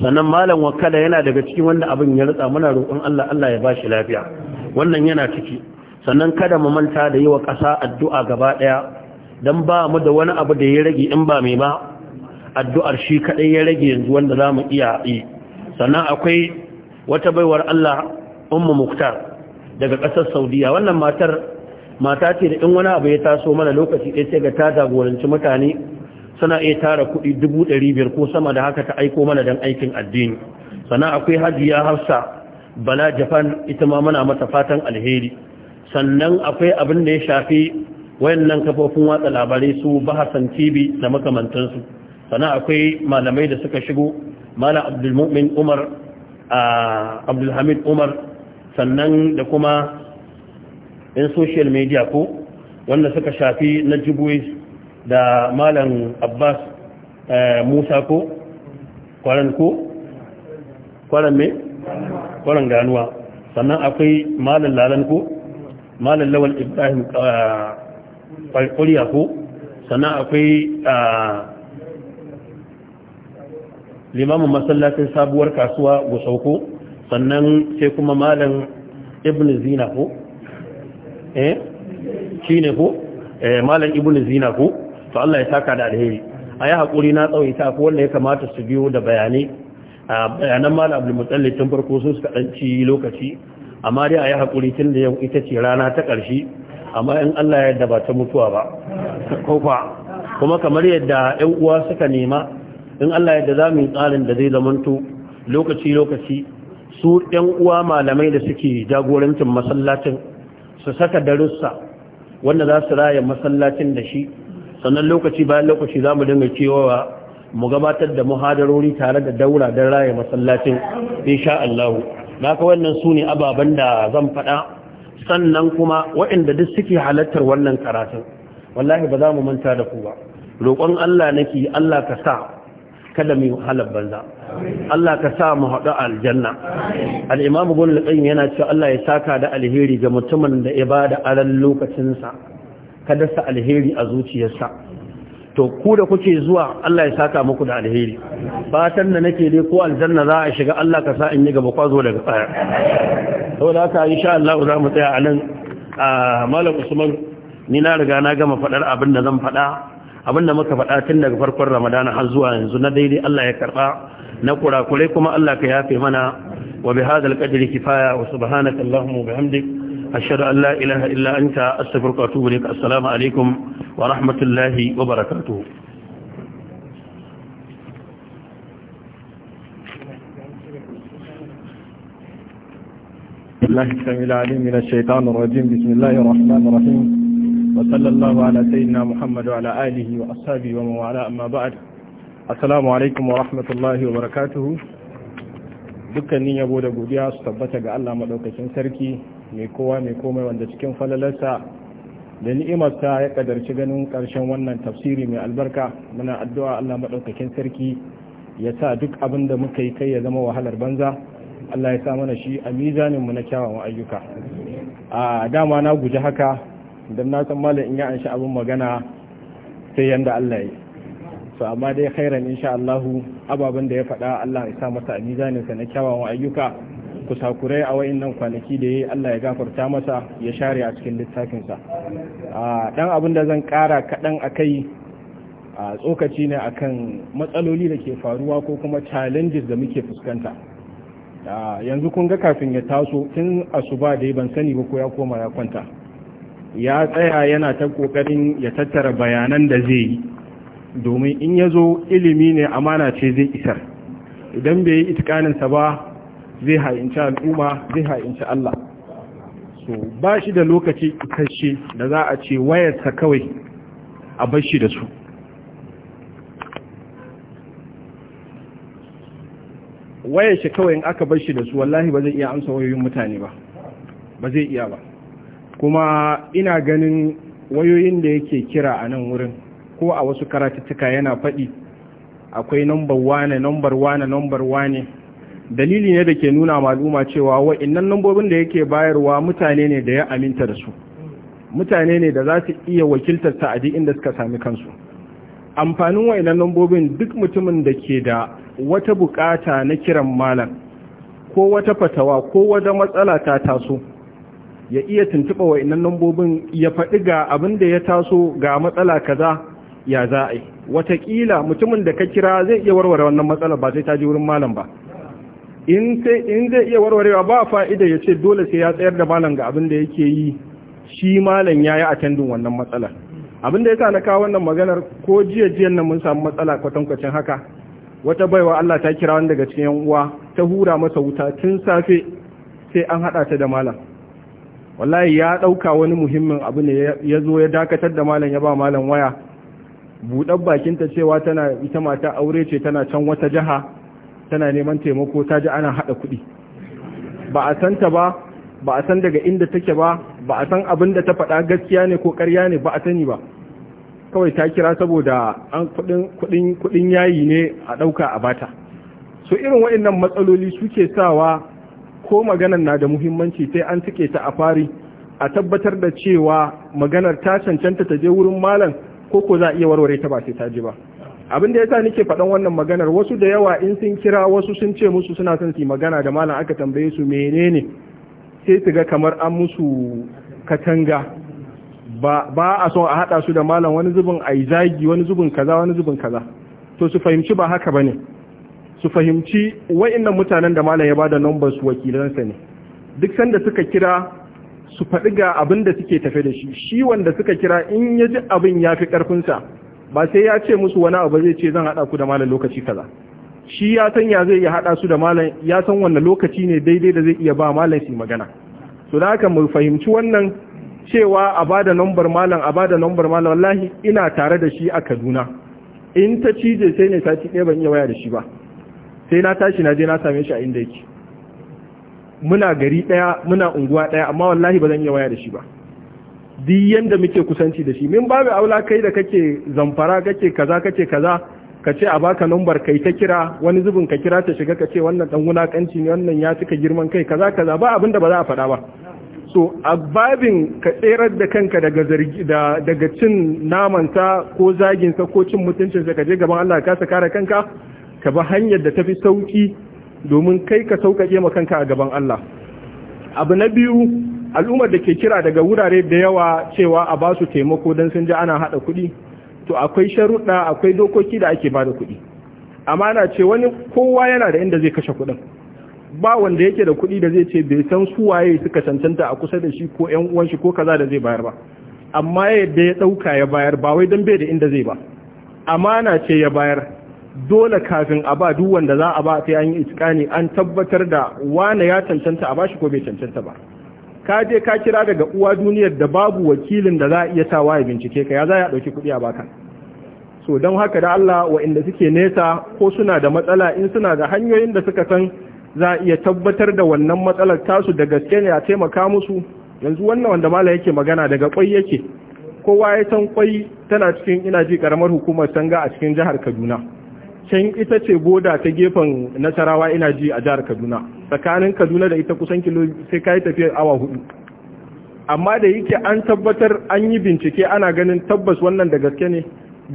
sannan malam wakala yana daga cikin wanda abin ya rutsa muna roƙon Allah Allah ya ba shi lafiya wannan yana ciki sannan kada mu manta da yi wa ƙasa addu'a gaba ɗaya don ba mu da wani abu da ya rage in ba mai ba addu'ar shi kaɗai ya rage yanzu wanda za mu iya yi sannan akwai wata baiwar Allah umma muktar daga ƙasar saudiya wannan matar mata ce da in wani abu ya taso mana lokaci ɗaya sai ga ta jagoranci mutane suna iya tara kuɗi dubu ɗari biyar ko sama da haka ta aiko mana don aikin addini sannan akwai hajiya hafsa bala japan ita ma muna mata fatan alheri sannan akwai abin da ya shafi wayannan kafofin watsa labarai su bahasan tv da makamantansu sannan akwai malamai da suka shigo malam abdulmumin umar ah, abdulhamid umar sannan da kuma in social media ko wanda suka shafi na jibuwis da malam abbas eh, musa ko kwaran ko kwaran me kwaran ganuwa sannan akwai malam lalan ko malam lawal ibrahim eh, kwalkwaliya ko sannan akwai eh, limamin masallacin sabuwar kasuwa gusau ko sannan sai kuma malam ibn zina ko eh ko eh, ibn zina ko to Allah ya saka da alheri ayi hakuri na tsawaita ko wanda ya kamata su biyo da bayanai bayanan malam abdul mutsalli tun farko su suka ɗanci lokaci amma dai yi hakuri tun da yau ita ce rana ta ƙarshe amma in Allah ya yarda ba ta mutuwa ba ko kuma kamar yadda ƴan uwa suka nema in Allah ya yarda za mu yi tsarin da zai zamanto lokaci lokaci su ɗan uwa malamai da suke jagorancin masallacin su saka darussa wanda za su raya masallacin da shi sannan lokaci bayan lokaci za mu dinga cewa mu gabatar da muhadarori tare da daura don raya masallacin insha Allah na ka wannan su ne ababen da zan faɗa sannan kuma waɗanda duk suke halartar wannan karatun wallahi ba za mu manta da ku ba roƙon Allah nake Allah ka sa kada mu halar banza Allah ka sa mu haɗu aljanna al imam ibn al yana cewa Allah ya saka da alheri ga mutumin da ibada a ran lokacin sa kada sa alheri a zuciyarsa to ku da kuke zuwa Allah ya saka muku da alheri fatan da nake dai ko aljanna za a shiga Allah ka sa in yi gaba kwazo daga tsaya da haka insha Allah za mu tsaya a nan a ah, malam Usman ni na riga na gama faɗar abin da zan faɗa abinda muka faɗa tun daga farkon ramadana har zuwa yanzu na daidai Allah ya karɓa na kurakurai kuma Allah ka yafe mana wa bi hadal qadri kifaya wa subhanaka allahumma wa bihamdik ashhadu an la ilaha illa anta astaghfiruka wa atubu ilaik assalamu alaikum wa rahmatullahi wa barakatuh الله السميع العليم من الشيطان الرجيم بسم الله الرحمن الرحيم وصلى الله على سيدنا محمد وعلى آله وأصحابه ومن وعلى أما بعد السلام alaikum wa rahmatullahi wa barakatuhu dukkanin yabo da godiya su tabbata ga Allah madaukakin sarki mai kowa mai komai wanda cikin falalarsa da ni'imarsa ya kadarci ganin karshen wannan tafsiri mai albarka muna addu'a Allah madaukakin sarki ya sa duk abin da muka yi kai ya zama wahalar banza Allah ya sa mana shi a mizanin mu na kyawawan ayyuka a dama na guji haka don na san malam in ya an abin magana sai yanda Allah ya so amma dai khairan insha Allahu ababen da ya faɗa Allah ya sa masa a sa na kyawawan ayyuka kusakurai a nan kwanaki da ya Allah ya gafarta masa ya share a cikin littafinsa dan abin da zan ƙara kaɗan a kai a tsokaci ne akan matsaloli da ke faruwa ko kuma challenges da muke fuskanta yanzu kun ga kafin ya taso tun asuba da ban sani ba ko ya koma ya kwanta ya tsaya yana ta kokarin ya tattara bayanan da zai yi domin in ya zo ilimi ne amana ce zai isar idan bai yi itikaninsa ba zai ha'inci al'umma zai ha'inci Allah so ba shi da lokaci kashe da za a ce wayarsa kawai a bar shi da su wayar shi kawai in aka bar shi da su wallahi ba zai iya amsa wayoyin mutane ba ba zai iya ba kuma ina ganin wayoyin da yake kira a nan wurin ko a wasu karatuttuka yana faɗi akwai nambar wane nambar wane nambar wane dalili ne da ke nuna maluma cewa wa'innan nambobin da yake bayarwa mutane ne da ya aminta da su mutane ne da za su iya wakiltar ta a inda suka sami kansu amfanin wa'innan nambobin duk mutumin da ke da wata bukata na kiran malam ko wata fatawa ko wata matsala ta taso ya iya tuntuɓa wa inan nambobin ya faɗi ga abin da ya taso ga matsala kaza ya za a yi watakila mutumin da ka kira zai iya warware wannan matsala ba sai ta ji wurin malam ba in zai iya warwarewa ba fa'ida ya ce dole sai ya tsayar da malam ga abin da yake yi shi malam ya yi atendin wannan matsalar. abin da ya sa na kawo wannan maganar ko jiya jiyan nan mun samu matsala kwatankwacin haka wata baiwa Allah ta kira wani daga cikin uwa ta hura masa wuta tun safe sai an haɗa ta da malam wallahi ya ɗauka wani muhimmin abu ne ya zo ya dakatar da malam ya ba malam waya buɗar bakinta cewa tana ita mata aure ce tana can wata jiha tana neman taimako ta ji ana haɗa kuɗi ba a san ta ba ba a san daga inda take ba ba a san abin da ta faɗa gaskiya ne ko ƙarya ne ba a sani ba kawai ta kira saboda an kuɗin yayi ne a ɗauka a bata so irin waɗannan matsaloli suke sawa ko maganar na da muhimmanci sai an tike ta a fari a tabbatar da cewa maganar ta cancanta ta je wurin malam ko ko za a iya warware ta ba sai ta je ba abin da yasa nake faɗan wannan maganar wasu da yawa in sun kira wasu sun ce musu suna son su magana da malam aka tambaye su menene sai su ga kamar an musu katanga ba ba a so a haɗa su da malam wani zubin ai zagi wani zubin kaza wani zubin kaza to su fahimci ba haka bane su fahimci wa'innan mutanen da malam ya da nombar su wakilansa ne duk sanda suka kira su faɗi ga abin da suke tafe da shi shi wanda suka kira in ya ji abin ya fi ƙarfinsa ba sai ya ce musu wani abu zai ce zan haɗa ku da malam lokaci kaza shi ya san ya zai iya haɗa su da malam ya san wannan lokaci ne daidai da zai iya ba malam su magana to da haka mu fahimci wannan cewa a ba da nambar malam a ba da nambar malam wallahi ina tare da shi a Kaduna in ta cije sai ne sati ɗaya ban iya waya da shi ba sai na tashi na je na same shi a inda yake muna gari daya muna unguwa daya amma wallahi ba zan iya waya da shi ba duk yanda muke kusanci da shi min babu aula kai da kake zamfara kake kaza kake kaza ka ce a baka lambar kai ta kira wani zubin ka kira ta shiga ka ce wannan dan wulakanci ne wannan ya cika girman kai kaza kaza ba abin ba za a faɗa ba so a babin ka tserar da kanka daga zargi da daga cin namansa ko zaginsa ko cin sa ka je gaban Allah ka sa kare kanka ka bi hanyar da tafi sauki domin kai ka sauƙaƙe ma kanka a gaban Allah abu na biyu al'ummar da ke kira daga wurare da yawa cewa a ba su taimako don sun ji ana haɗa kuɗi to akwai sharuɗa akwai dokoki da ake ba da kuɗi amana ce wani kowa yana da inda zai kashe kuɗin ba wanda yake da kuɗi da zai ce bai san su waye suka cancanta a kusa da shi ko ƴan uwan shi ko kaza da zai bayar ba amma yadda ya ɗauka ya bayar ba wai don bai da inda zai ba amana ce ya bayar dole kafin a ba duk wanda za a ba sai an yi iskani an tabbatar da wane ya cancanta a ba shi ko bai cancanta ba ka je ka kira daga uwa duniyar da babu wakilin da za a iya sawa ya bincike ka ya za ya dauki kuɗi a baka so don haka da Allah inda suke nesa ko suna da matsala in suna da hanyoyin da suka san za a iya tabbatar da wannan matsalar tasu da gaske ne a taimaka musu yanzu wannan wanda mala yake magana daga kwai yake kowa ya san kwai tana cikin ina ji karamar hukumar sanga a cikin jihar Kaduna can ita ce boda ta gefen nasarawa ina ji a jihar kaduna tsakanin kaduna da ita kusan kilo sai ka yi tafiyar awa hudu amma da yake an tabbatar an yi bincike ana ganin tabbas wannan da gaske ne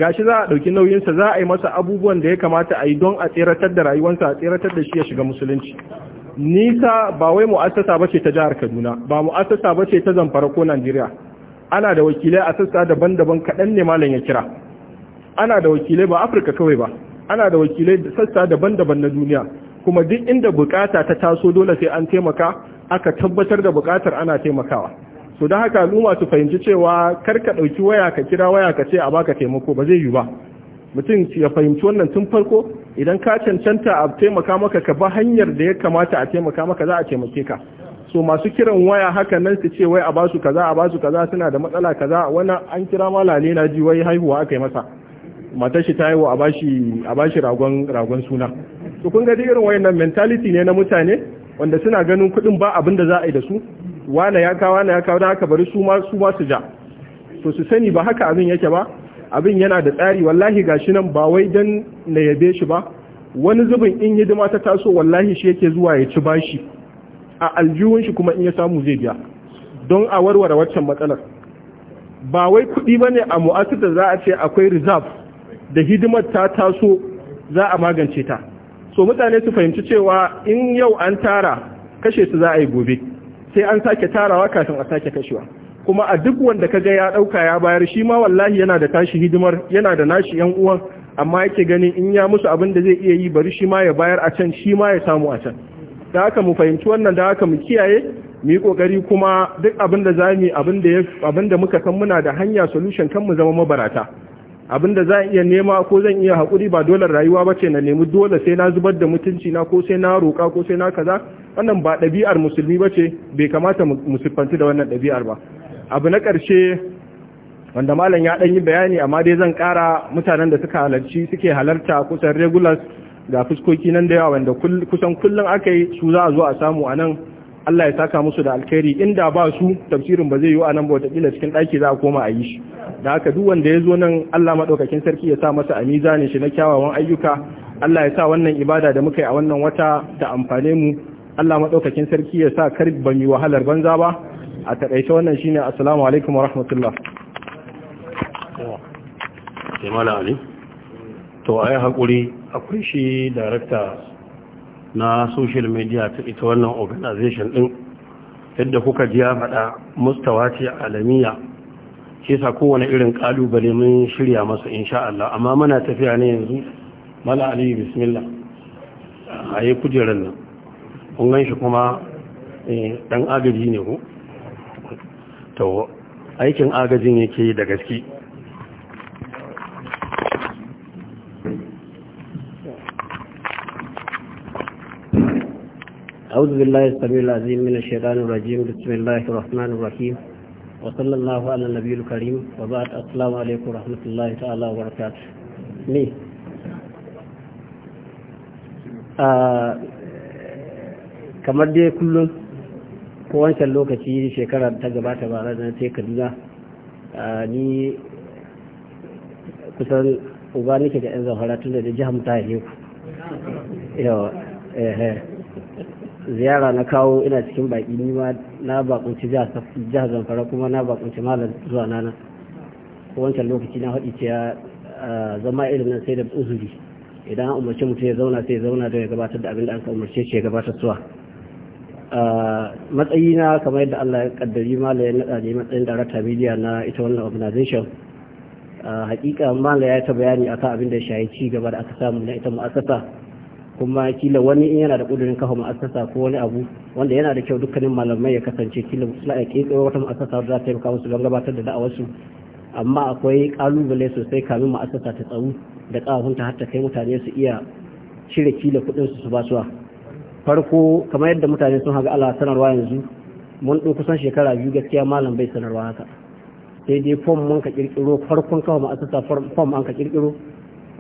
ga shi za a ɗauki nauyinsa za a yi masa abubuwan da ya kamata a yi don a tseratar da rayuwarsa a tseratar da shi ya shiga musulunci nisa ba wai mu'assasa ce ta jihar kaduna ba mu'assasa ce ta zamfara ko najeriya ana da wakilai a sassa daban-daban kaɗan ne malam ya kira ana da wakilai ba afirka kawai ba ana da wakilai da sassa daban-daban na duniya kuma duk inda bukata ta taso dole sai an taimaka aka tabbatar da bukatar ana taimakawa so don haka al'umma su fahimci cewa kar ka ɗauki waya ka kira waya ka ce a baka taimako ba zai yi ba mutum ya fahimci wannan tun farko idan ka cancanta a taimaka maka ka ba hanyar da ya kamata a taimaka maka za a taimake ka so masu kiran waya haka nan su ce wai a basu kaza a basu kaza suna da matsala kaza wani an kira malale na ji wai haihuwa aka yi masa matar shi ta yi wa a bashi ragon suna to kun ga irin nan mentality ne na mutane wanda suna ganin kuɗin ba abin da za a yi da su wane ya kawo wane ya kawo da haka bari su ma su ja to su sani ba haka abin yake ba abin yana da tsari wallahi ga gashi nan ba wai don na yabe shi ba wani zubin in yi hidima ta taso wallahi shi yake zuwa ya ci bashi a aljihun shi kuma in ya samu zai biya don a warware waccan matsalar ba wai kuɗi ba ne a mu'asir da za a ce akwai reserve da hidimar ta taso za a magance ta so mutane su fahimci cewa in yau an tara kashe su za a yi gobe sai an sake tarawa kafin a sake kashewa kuma a duk wanda ka ga ya dauka ya bayar shi ma wallahi yana da tashi hidimar yana da nashi yan uwan amma yake ganin in ya musu abin da zai iya yi bari shi ma ya bayar a can shi ma ya samu a can da haka mu fahimci wannan da haka mu kiyaye mu yi kokari kuma duk abin da zamu abin da abin da muka san muna da hanya solution kan mu zama mabarata da za iya nema ko zan iya haƙuri ba dole rayuwa ba ce na nemi dole sai na zubar da mutunci na ko sai na roƙa ko sai na kaza wannan ba ɗabi'ar musulmi ba ce bai kamata mu siffanci da wannan ɗabi'ar ba abu na ƙarshe wanda malam ya ɗan yi bayani amma dai zan ƙara mutanen da suka halarci suke halarta kusan regulars ga fuskoki nan da yawa wanda kusan kullum aka yi su za a zo a samu a nan Allah ya saka musu da alkhairi inda ba su tafsirin ba zai yi a nan ba watakila cikin ɗaki za a koma a yi shi da haka duk wanda ya zo nan Allah maɗaukakin sarki ya sa masa a mizanin shi na kyawawan ayyuka Allah ya sa wannan ibada da muka yi a wannan wata ta amfane mu Allah maɗaukakin sarki ya sa kar ba mu wahalar banza ba a taƙaice wannan shine assalamu alaikum wa rahmatullah to yi hakuri akwai shi darakta na social media ta ita wannan organization din yadda kuka ji ya faɗa mustawa ce alamiya shi sa kowane irin kalubale mun shirya masa insha Allah amma muna tafiya ne yanzu mala aliyu bismillah a yi kujerar nan kun gan shi kuma dan eh, agaji ne ku to aikin agajin yake da gaske أعوذ بالله السميع العظيم من الشيطان الرجيم بسم الله الرحمن الرحيم وصلى الله على النبي الكريم وبعد السلام عليكم ورحمة الله تعالى وبركاته ni kamar dai kullum ko wancan lokaci shekara ta gabata ba ranar sai kaduna ni kusan uba nake da yan zafara tun da jihar mutane ku yawa ziyara na kawo ina cikin baki ni ma na bakunci jihar zamfara kuma na bakunci malam zuwa nana wancan lokaci na haɗi cewa zama ilimin sai da uzuri idan an umarci mutum ya zauna sai ya zauna don ya gabatar da abin da an umarce shi ya gabatar suwa matsayina kamar yadda Allah ya kaddari mala ya naɗa ne matsayin darakta media na ita wannan organization hakika mala ya ta bayani akan abin da ya shayi ci gaba da aka samu na ita mu'asasa. kuma kila wani in yana da kudurin kafa ma'asasa ko wani abu wanda yana da kyau dukkanin malamai ya kasance kila suna a ketsoro wata ma'asasa za ta taimaka musu don gabatar da da'awarsu amma akwai kalubale sosai kamin ma'asasa ta tsawo da ƙahunta har ta kai mutane su iya cire kila kuɗin su su basuwa farko kamar yadda mutane sun haga ala sanarwa yanzu mun ɗau kusan shekara biyu gaskiya malam bai sanarwa haka sai dai fom mun ka kirkiro farkon kawo ma'asasa fom an ka kirkiro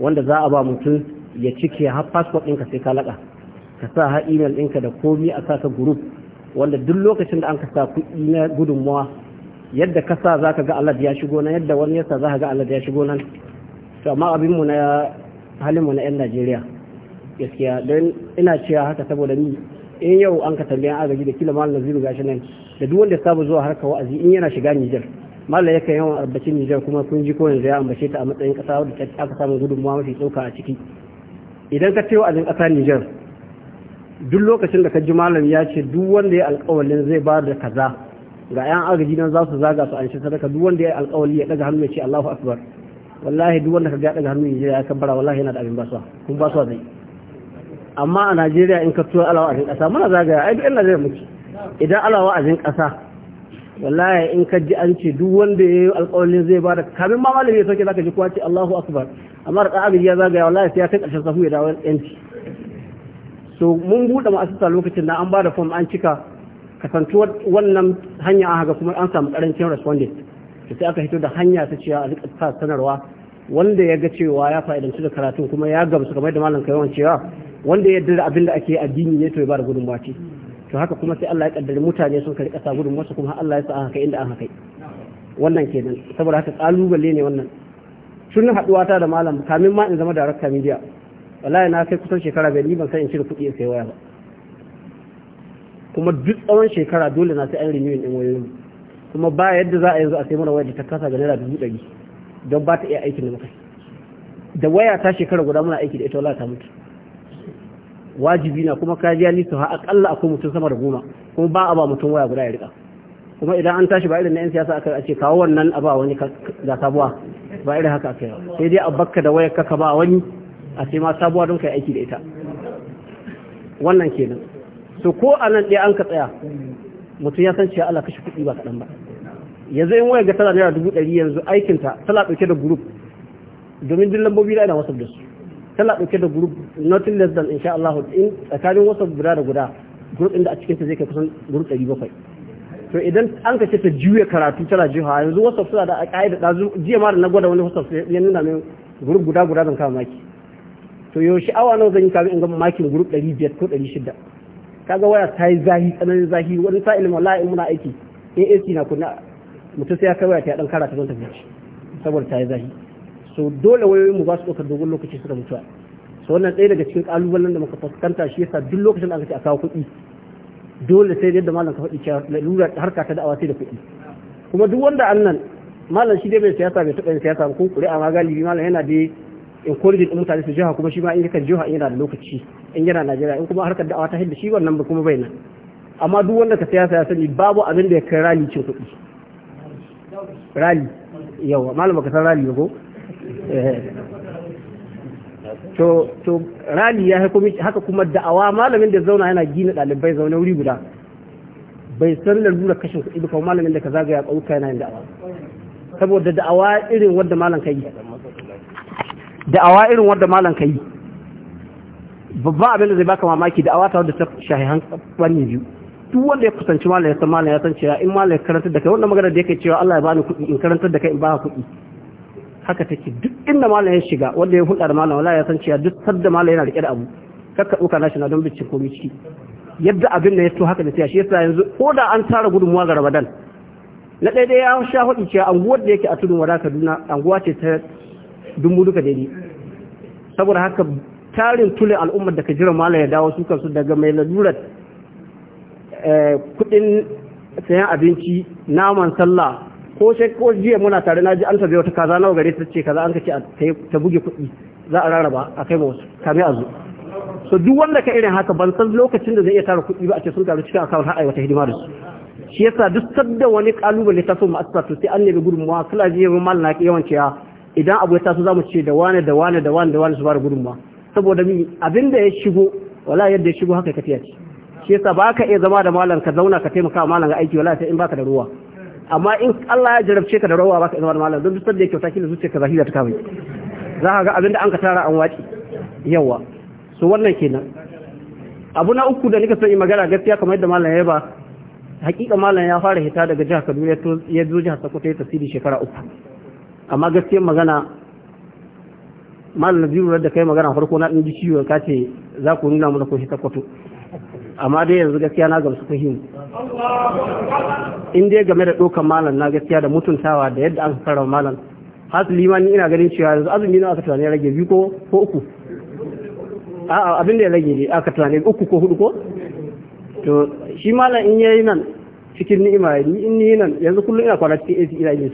wanda za a ba mutum ya cike har passport ɗinka sai ka laƙa ka sa har email ɗinka da komi a sa ka group wanda duk lokacin da an ka sa kuɗi na gudunmawa yadda ka sa za ka ga Allah ya shigo nan yadda wani ya sa za ka ga Allah ya shigo nan to amma abin mu na halin mu na yan Najeriya gaskiya don ina cewa haka saboda ni in yau an ka tambayan agaji da kila malam Naziru gashi nan da duk wanda ya saba zuwa harka wa'azi in yana shiga Nijar malam yakan yawan arbacin Nijar kuma kun ji ko yanzu ya ambace ta a matsayin kasa wadda aka samu gudunmawa mafi tsoka a ciki idan ka tewa ajin ƙasa Nijar duk lokacin da ka ji malam ya ce duk wanda ya alƙawalin zai ba da kaza ga 'yan agaji nan za su zaga su an shi sadaka duk wanda ya alƙawali ya ɗaga hannu ya ce Allahu Akbar wallahi duk wanda ka ga ɗaga hannu ya kabbara wallahi yana da abin basuwa kun basuwa zai amma a Najeriya in ka tuwa alawa a ƙasa muna zagaya ai duk ina zai muke idan alawa a ƙasa wallahi in ka ji an ce duk wanda ya yi alƙawarin zai ba bada kamin ma malami ya sauke zaka ji kuwa ce Allahu akbar amma da abin ya zagaya wallahi sai ya kai ƙarshen safu ya dawo yanci so mun buɗe ma'asusa lokacin da an ba da fom an cika kasantuwar wannan hanya a haka kuma an samu ƙarancin respondent to sai aka hito da hanya ta cewa a riƙa sa sanarwa wanda ya ga cewa ya fa'idanci da karatun kuma ya gamsu kamar da malam kai cewa wanda ya yarda da abin da ake addini ne to ya bada gudunmawa ce to haka kuma sai Allah ya kaddari mutane sun karɓi ƙasa gudun wasu kuma Allah ya sa aka kai inda aka kai wannan kenan saboda haka kalubale ne wannan tun haduwa ta da malam kamin ma in zama director media wallahi na kai kusan shekara bai ni ban san in cire kuɗi in sai waya ba kuma duk tsawon shekara dole na sai an renew din wayoyin kuma ba yadda za a yanzu a sai mana waya da ta kasa ga naira dubu ɗari don ba ta iya aikin da muka da waya ta shekara guda muna aiki da ita wallahi ta mutu wajibi na kuma kariya ni su ha akalla akwai mutum sama da goma kuma ba a ba mutum waya guda ya rika kuma idan an tashi ba irin na 'yan siyasa aka ce kawo wannan a ba wani ga sabuwa ba irin haka aka yi sai dai a da waya kaka ba wani a ce ma sabuwa don kai aiki da ita wannan kenan so ko a nan ɗaya an ka tsaya mutum ya san cewa Allah kashe kuɗi ba kaɗan ba yanzu in wayar ga tana naira dubu ɗari yanzu aikinta tana ɗauke da group domin duk lambobi na ina wasu da su tana ɗauke da group not less than insha Allah in tsakanin wasu guda da guda group inda a cikin ta zai kai kusan group 700 to idan an ce ta juya karatu tana jiha yanzu wasu suna da ƙa'ida da jiya ma da na gwada wani wasu ya nuna min group guda guda zan kama maki to yaushe awa nawa zan yi kafin in ga makin group 500 ko 600 kaga waya ta yi zahi tsananin zahi wani sa'il wallahi in muna aiki AAC na kunna mutum sai ya kai waya ta dan karatu don ta saboda ta yi zahi so dole wayoyin mu ba su ɗaukar dogon lokaci suka mutuwa so wannan ɗaya daga cikin ƙalubalen da muka fuskanta shi yasa duk lokacin da aka ce a kawo kuɗi dole sai yadda malam ka faɗi cewa lalura harka ta da'awa sai da kuɗi kuma duk wanda annan malam shi dai bai siyasa bai taɓa yin siyasa ba ko ƙuri'a ma galibi malam yana da encouraging din mutane su jiha kuma shi ma in yakan jiha yana da lokaci in yana Najeriya in kuma harkar da'awa ta hidda shi wannan ba kuma bai nan amma duk wanda ka siyasa ya sani babu abin da ya kai rali cin kuɗi rali yawa malam baka san rali ba ko Eh. to to rali ya haka kuma da'awa malamin da zauna yana gina dalibai zaune wuri guda bai san lalura kashin kuɗi kuma malamin da ka zagaya ƙauyuka yana yin da'awa saboda da'awa irin wadda malam ka yi da'awa irin wadda malam ka yi babban abin da zai baka mamaki da'awa ta wadda ta shahihan fanni biyu duk wanda ya kusanci malam ya san malam ya san cewa in malam ya karanta da kai wannan magana da yake cewa Allah ya bani kuɗi in karanta da kai in ba kuɗi haka take duk inda malam ya shiga wanda ya hulɗa da malam wala ya san cewa duk sadda malam yana rike da abu kakka ɗauka nashi na don bincin komai ciki yadda abin da ya so haka da tiya shi yasa yanzu ko da an tara gudunmuwa ga Ramadan na ɗaya dai ya sha hudu cewa anguwar da yake a tudun wada Kaduna anguwa ce ta dumbu duka daidai saboda haka tarin tulin al'ummar da ka jira malam ya dawo su kansu daga mai lalurar eh, kuɗin sayan abinci naman sallah ko sai ko jiya muna tare na ji an tabe wata kaza nawa gare ta ce kaza an kace ta buge kuɗi za a rarraba a kai ma wasu kame a zo so duk wanda ka irin haka ban san lokacin da zai iya tara kuɗi ba a ce sun taru cikin akawun ha'ai wata hidima da su shi yasa duk sadda wani kalubale ta so mu asasa to sai an nemi gudunmawa kula jiya mun malna yawan cewa idan abu ya taso zamu ce da wane da wane da wane da wane su fara gudunmawa saboda mi abin da ya shigo wala yadda ya shigo haka tafiya ce shi yasa ba ka iya zama da malam ka zauna ka taimaka malam ga aiki wala sai in baka da ruwa amma in Allah ya jarabce ka da rawa ka zama malam don duk sanda ya kyauta kila zuciyarka zahira ta kame za ka ga abinda an ka tara an waci yawa so wannan kenan abu na uku da nika son yi magana gaskiya kamar yadda malam ya ba hakika malam ya fara hita daga jihar Kaduna ya zo jihar Sokoto ya tasiri shekara uku amma gaskiyar magana malam Naziru da kai magana farko na ɗin ji ciwon kace za ku nuna mana ko shi Sokoto amma dai yanzu gaskiya na gamsu fahim in dai game da ɗaukar malam na gaskiya da mutuntawa da yadda aka karama malam hasali ma ni ina ganin cewa yanzu azumi na aka tunani rage biyu ko uku a'a abin da ya rage ne aka tunani uku ko hudu ko to shi malam in yayi nan cikin ni'ima ni in ni nan yanzu kullum ina kwana cikin AC ina yin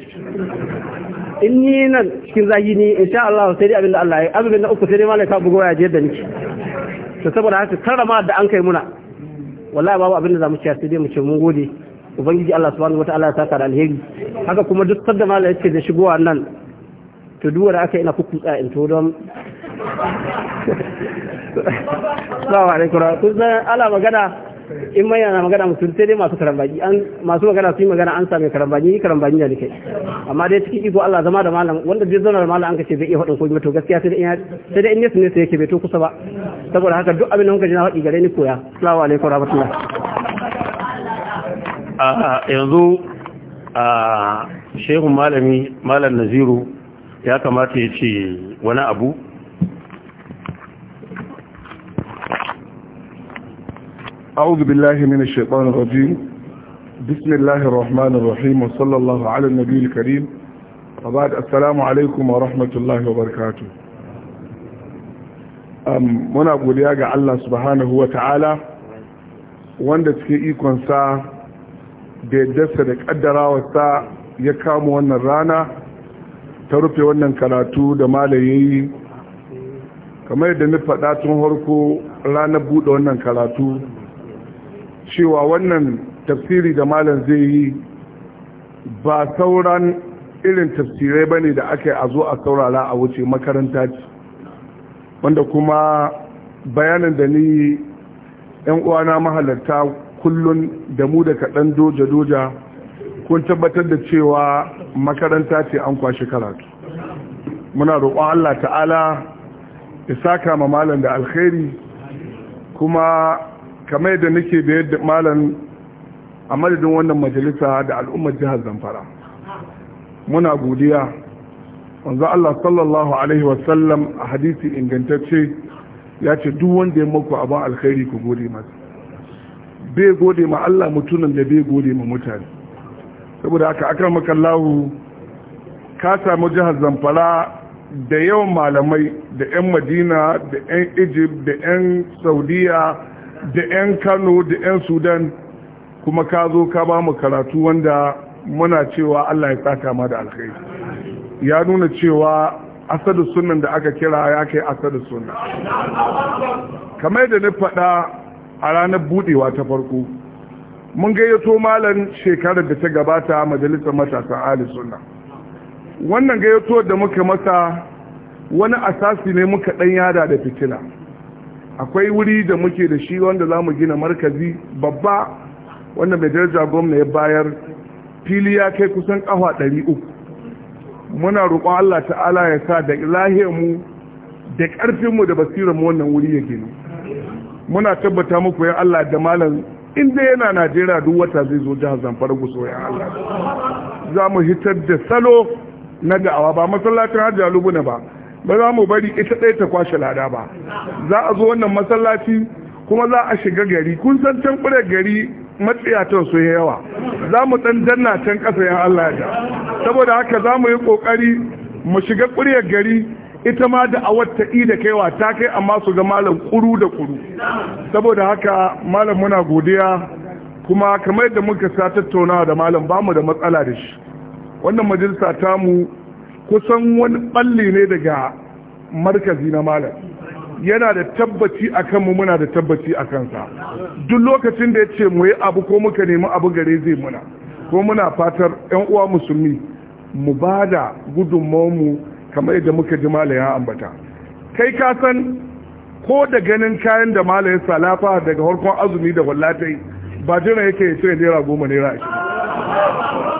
in ni nan cikin zagi ni insha Allah sai dai abin da Allah ya azumin na uku sai dai malam ka bugo ya je da niki to saboda haka karrama da an kai muna wallahi babu abin da zamu ci sai dai mu ce mun gode ubangiji Allah subhanahu wataala ya saka da alheri haka kuma duk sadda malai yake da shigowa nan to duk wanda aka ina kukutsa in to don Assalamu alaikum. ala magana in mai yana magana mutum sai dai masu karambaji an masu magana su yi magana an same karambaji ni karambaji da kai amma dai cikin iko Allah zama da malam wanda zai zauna da malam an kace zai iya faɗin komai to gaskiya sai dai sai dai in ne sai yake bai to kusa ba saboda haka duk abin da kuka ji na faɗi gare ni koya assalamu alaikum rahmatullah ah, ah, yanzu a ah, shehun malami malam naziru ya kamata ya ce wani abu أعوذ بالله من الشيطان الرجيم بسم الله الرحمن الرحيم وصلى الله على النبي الكريم وبعد السلام عليكم ورحمة الله وبركاته muna godiya ga Allah subhanahu wa ta'ala wanda cikin ikonsa da yaddarsa da sa ya kama wannan rana ta rufe wannan karatu da malayayi kamar yadda na faɗa tun harko ranar buɗe wannan karatu cewa wannan tafsiri da malam zai yi ba sauran irin tafsirai ba ne da aka a zo a saurara a wuce makaranta ce wanda kuma bayanin da ni yan uwana mahalarta kullun da mu da kaɗan doja-doja kun tabbatar da cewa makaranta ce an kwashe karatu muna roƙon Allah ta'ala ya saka ma malam da alkhairi kuma kamar yadda nake da yadda malam a madadin wannan majalisa da al'ummar jihar zamfara muna godiya wanzu Allah sallallahu alaihi wasallam a hadisi ingantacce ya ce duk wanda ya maku abin alkhairi ku gode masa bai gode ma Allah mutunan da bai gode ma mutane saboda haka akan makallahu ka samu jihar zamfara da yawan malamai da 'yan madina da 'yan egypt da 'yan saudiya da 'yan kano da 'yan sudan kuma ka zo ka ba mu karatu wanda muna cewa allah ya saka ma da alkhairi ya nuna cewa asadu sunan da aka kira ya kai asadu sunan kamar da na faɗa a ranar budewa ta farko mun gayyato malam shekarar da ta gabata a majalisar matasan ali sunna wannan gayyato da muka masa wani asasi ne muka ɗan yada da fitila. akwai wuri da muke da shi wanda za mu gina markazi babba wanda mai daraja gwamna ya bayar fili ya kai kusan kawa 300 muna roƙon Allah ta'ala ya sa da mu da ƙarfinmu da basiranmu wannan wuri ya gina muna tabbata muku ya Allah da malam inda yana Najeriya duk wata zai zo jihar Zamfara guso ya Allah za mu hitar da salo na da'awa ba masallacin hajji alubuna ba ba za mu bari ita ɗaya ta kwashe lada ba za a zo wannan masallaci kuma za a shiga gari kun san can kure gari matsiyatan su yawa za mu ɗan danna can ƙasa ya Allah ya saboda haka za mu yi ƙoƙari mu shiga ƙuryar gari ita ma da a wata da kaiwa ta kai amma su ga malam kuru da kuru saboda haka malam muna godiya kuma kamar yadda muka sa tattaunawa da malam bamu da matsala da shi wannan majalisa tamu kusan wani balli ne daga markazi na malam yana da tabbaci a kanmu muna da tabbaci a kansa duk lokacin da ya ce mu yi abu ko muka nemi abu gare zai muna ko muna fatar 'yan uwa musulmi mu ba da mu kamar yadda muka ji malam ya ambata kai ka san ko da ganin kayan da malam ya salafa daga harkon azumi da wallatai ba jira yake ya cire naira goma naira ashirin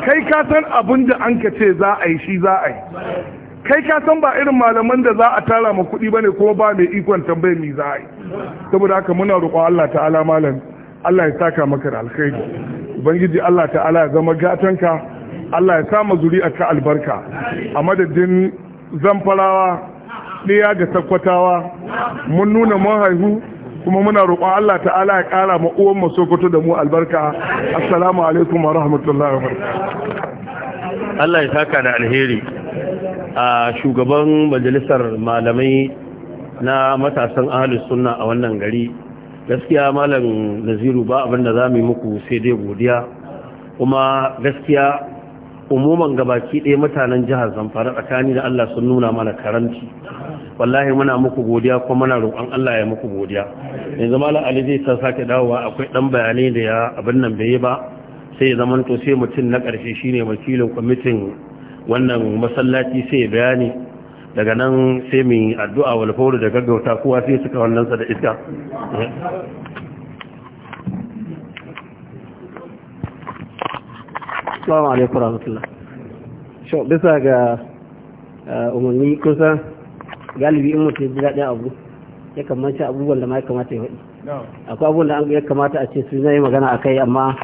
kai ka san abin da an ka ce za a yi shi za a yi kai ka san ba irin malaman da za a tara ma kuɗi ne kuma ba mai ikon tambaye mi za a yi saboda haka muna roƙon Allah ta'ala malam Allah ya saka maka da alkhairi ubangiji Allah ta'ala ya zama ka Allah ya sa zuri'a ka albarka a madadin zamfarawa ɗaya ga sakkwatawa mun nuna mun haihu kuma muna roƙon Allah ta'ala ya ƙara ma uwan mu Sokoto da mu albarka assalamu alaikum wa rahmatullahi wa barakatuh Allah ya saka da alheri a shugaban majalisar malamai na matasan ahlus sunna a wannan gari gaskiya malam Naziru ba abin da zamu muku sai dai godiya kuma gaskiya umuman gabaki ɗaya mutanen jihar Zamfara tsakani da Allah sun nuna mana karanci wallahi muna muku godiya kuma muna roƙon Allah ya muku godiya yanzu malam Ali zai san sake dawowa akwai dan bayanai da ya abin nan bai ba sai zaman to sai mutum na ƙarshe shine wakilin kwamitin wannan masallaci sai bayani daga nan sai mu addu'a wal fawru da gaggauta kowa sai suka wannan sa da iska Assalamu alaikum warahmatullahi. Shau bisa ga eh, umarni kusa galibi in mutum ji daɗin abu ya kamata abubuwan da ma ya kamata ya faɗi akwai abubuwan da ya kamata a ce su zai magana a kai amma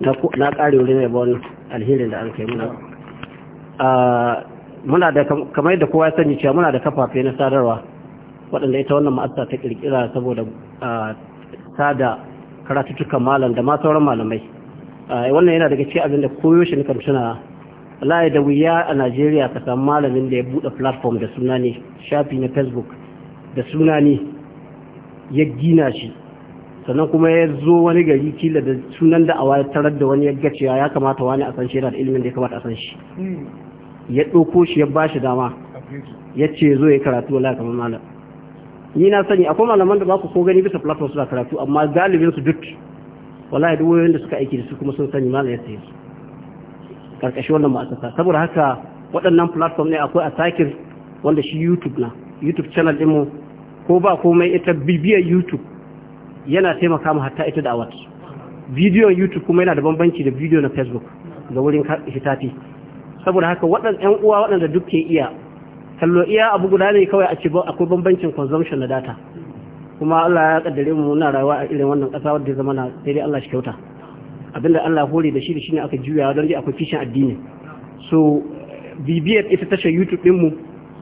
na ƙare wurin yabon alherin da an kai muna muna da kamar yadda kowa ya sani cewa muna da kafafe na sadarwa waɗanda ita wannan ma'asta ta ƙirƙira saboda sada karatuttukan malam da ma sauran malamai wannan yana daga cikin abin da koyo shi na kamshina wallahi da wuya a Najeriya ka samu malamin da ya buɗe platform da suna ne shafi na Facebook da suna ne ya gina shi sannan kuma ya zo wani gari kila da sunan da awa ya tarar da wani ya ga cewa ya kamata wani a san shi da ilimin da ya kamata a san shi hmm. ya ɗauko shi ya ba shi dama ya ce zo ya karatu wala kamar malam ni na sani akwai malaman da ba ku ko gani bisa platform suna karatu amma galibin su duk wala duk wayoyin da suka aiki da su kuma sun sani malam ya sayi su karkashin wannan ma'aikata saboda haka waɗannan platform ne akwai a sakin wanda shi youtube na youtube channel ɗinmu ko ba komai ita bibiyar youtube yana taimaka mu hatta ita da awat video youtube kuma yana da bambanci da video na facebook ga wurin hitafi saboda haka waɗanda ‘yan uwa waɗanda duk ke iya kallo iya abu guda ne kawai a ce akwai bambancin consumption na data kuma Allah ya kaddare mu muna rayuwa a irin wannan ƙasa wadda ya zama na sai dai Allah shi kyauta abinda Allah hore da shi da ne aka juya don ji akwai fishin addini so bibiyar ita tashar YouTube dinmu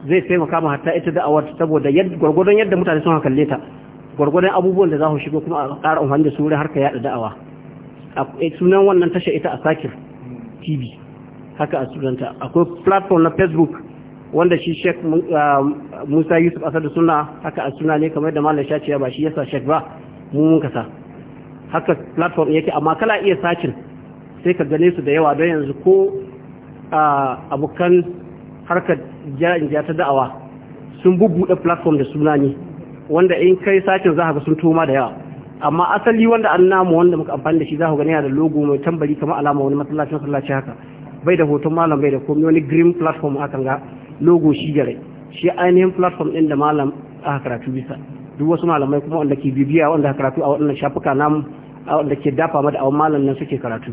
zai taimaka mu hatta ita awar saboda yadda yadda mutane sun kalle ta gwargwadon abubuwan da za su shigo kuma a ƙara umarni da su wurin harka yaɗa da'awa e, sunan wannan tashar ita a sakir TV haka a sunanta akwai platform na Facebook wanda shi Sheikh ah, Musa Yusuf Asadu suna haka a suna ne kamar da Malam Shaciya ba shi yasa Sheikh ba mu mun kasa haka platform yake amma kala iya sakin sai ka gane su da yawa don yanzu ko abokan harkar jiya ta da'awa sun bubbuɗe platform da suna ne wanda in kai sakin za ka sun toma da yawa amma asali wanda an namu wanda muka amfani da shi za ku gani da logo mai tambari kamar alama wani masallaci masallaci haka bai da hoton malam bai da komai wani green platform kan ga logo shi gare shi ainihin platform ɗin da malam aka karatu bisa duk wasu malamai kuma wanda ke bibiya wanda aka karatu a waɗannan shafuka namu da ke dafa mada awon malam nan suke karatu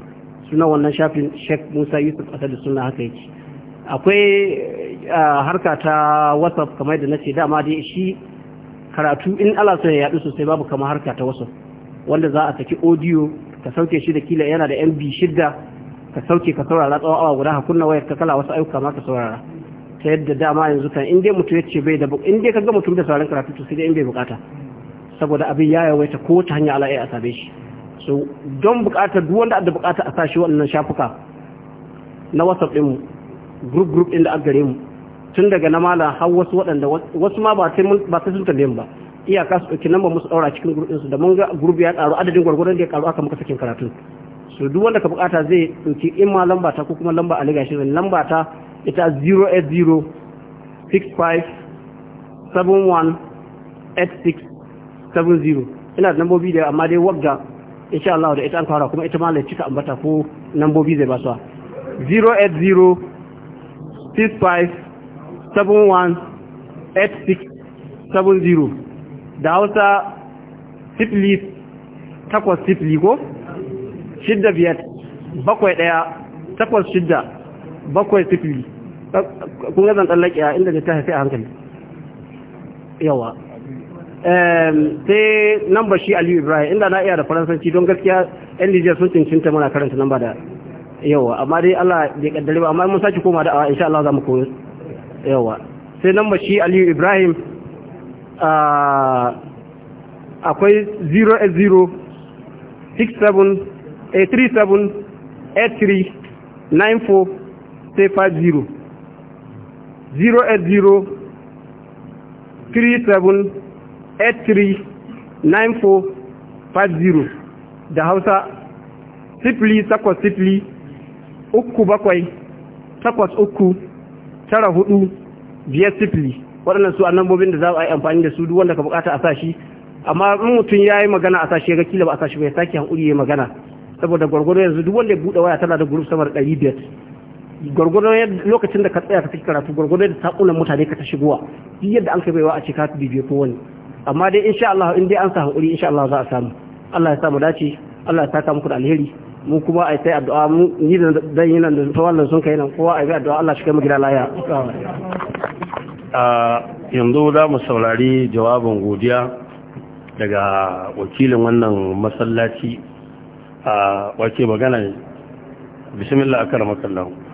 suna wannan shafin Sheikh Musa Yusuf Asad da suna haka yake akwai harka ta WhatsApp kamar da ce dama dai shi karatu in Allah so ya yaɗu sosai babu kamar harka ta WhatsApp wanda za a saki audio ka sauke shi da kila yana da MB shidda ka sauke ka saurara tsawon awa guda ka kunna wayar ka kala wasu ayyuka ma ka saurara ta yadda dama yanzu kan in dai mutum ce bai da in dai ga mutum da sauran karatu to sai dai in bai bukata saboda abin ya yawaita ko ta hanya ala a same shi so don bukatar duk wanda da bukata a sashi wannan shafuka na whatsapp din group group din da aka gare mu tun daga na malam har wasu waɗanda wasu ma ba sai sun tambaye ba iyaka su ɗauki namba musu ɗaura cikin group su da mun ga group ya karu adadin gwargwaron da ya karu aka muka sakin karatun so duk wanda ka bukata zai ɗauki in ma lamba ta ko kuma lamba a liga ne lamba ta ita 080 65 71 86 70 ina da lambobi da amma dai wagga insha Allah da ita an fara kuma ita ma lai cika ambata ko nambobi zai ba su 080 65 71 86 70 da hausa sifili takwas sifili ko shidda biyar bakwai daya takwas shidda bakwai sifili kun gazan tsallake a inda ta haifi a hankali yawa Ehm, sai nan ba shi aliyu ibrahim inda na iya da faransanci don gaskiya yan nijar sun cincinta muna karanta nan ba da yawa amma dai allah bai kaddare ba amma mun sake koma da awa insha allah za mu koyo yawa sai ba shi aliyu ibrahim akwai 080 67 50 080 37 839450 da hausa sifili takwas sifili uku bakwai takwas uku tara hudu biyar sifili waɗannan su annabobin da za a yi amfani da su duk wanda ka bukata a sashi amma in mutum ya yi magana a sashi ya ga kila ba a sashi bai sake hankuri ya yi magana saboda gwargwado yanzu duk wanda ya buɗe waya tana da group sama da ɗari biyar gwargwado lokacin da ka tsaya ka saki karatu gwargwado da saƙunan mutane ka ta shigowa duk yadda an kai baiwa a ce ka bibiye ko wani amma dai sha Allah in dai an sa hakuri sha Allah za a samu Allah ya samu dace Allah ya saka muku da alheri mu kuma yi sai addu'a mu yi da dan yi nan da tawallan sun kai nan kowa yi addu'a Allah shi kai mu gida laya a yanzu za mu saurari jawabin godiya daga wakilin wannan masallaci a wace magana bismillah akramaka Allah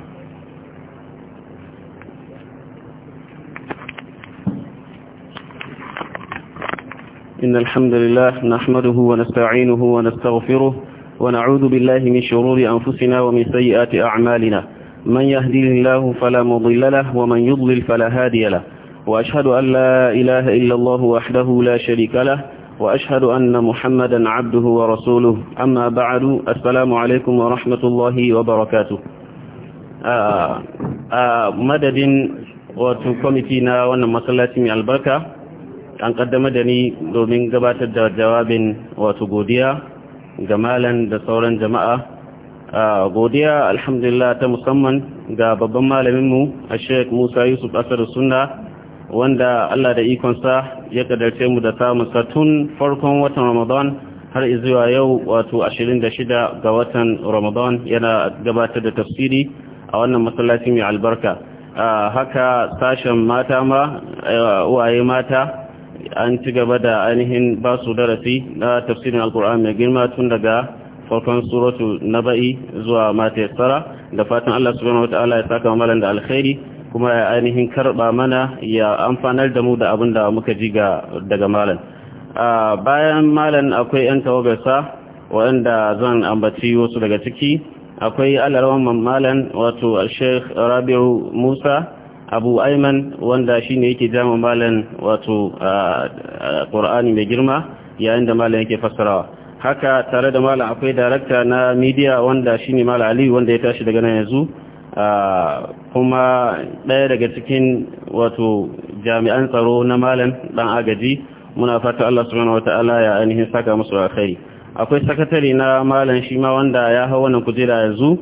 إن الحمد لله نحمده ونستعينه ونستغفره ونعوذ بالله من شرور أنفسنا ومن سيئات أعمالنا من يهديه الله فلا مضل له ومن يضلل فلا هادي له وأشهد أن لا إله إلا الله وحده لا شريك له وأشهد أن محمدا عبده ورسوله أما بعد السلام عليكم ورحمة الله وبركاته آه، آه، مدد وتكومتنا ونمسلات من البركة an kaddama da ni domin gabatar da jawabin wato godiya ga malan da sauran jama'a godiya alhamdulillah ta musamman ga babban malaminmu a sheik musa yusuf asar suna wanda allah da ikonsa ya kadarce mu da samun satun farkon watan ramadan har izuwa yau wato 26 ga watan ramadan yana gabatar da tafsiri a wannan masallacin mai albarka haka sashen mata ma eh, uwaye mata an ci gaba da ainihin ba su darasi na tafsirin alkur'an mai girma tun daga farkon suratu na ba'i zuwa mata tsara da fatan allah subhanahu wata'ala ya saka malam da alkhairi kuma ya ainihin karba mana ya amfanar da mu da abin da muka ji daga malam bayan malam akwai 'yan tawagarsa waɗanda zan ambaci wasu daga ciki akwai alarwan malam wato alshek rabiu musa abu aiman wanda shine yake jama malin wato ƙorani mai girma yayin da malin yake fassarawa haka tare da malin akwai darakta na midiya wanda shine malin ali wanda ya tashi daga nan yanzu kuma ɗaya daga cikin wato jami'an tsaro na malin ɗan agaji muna fata Allah mana wataala ya ainihin saka musu akari akwai sakatari na malin shi ma wanda ya hau wannan kujera yanzu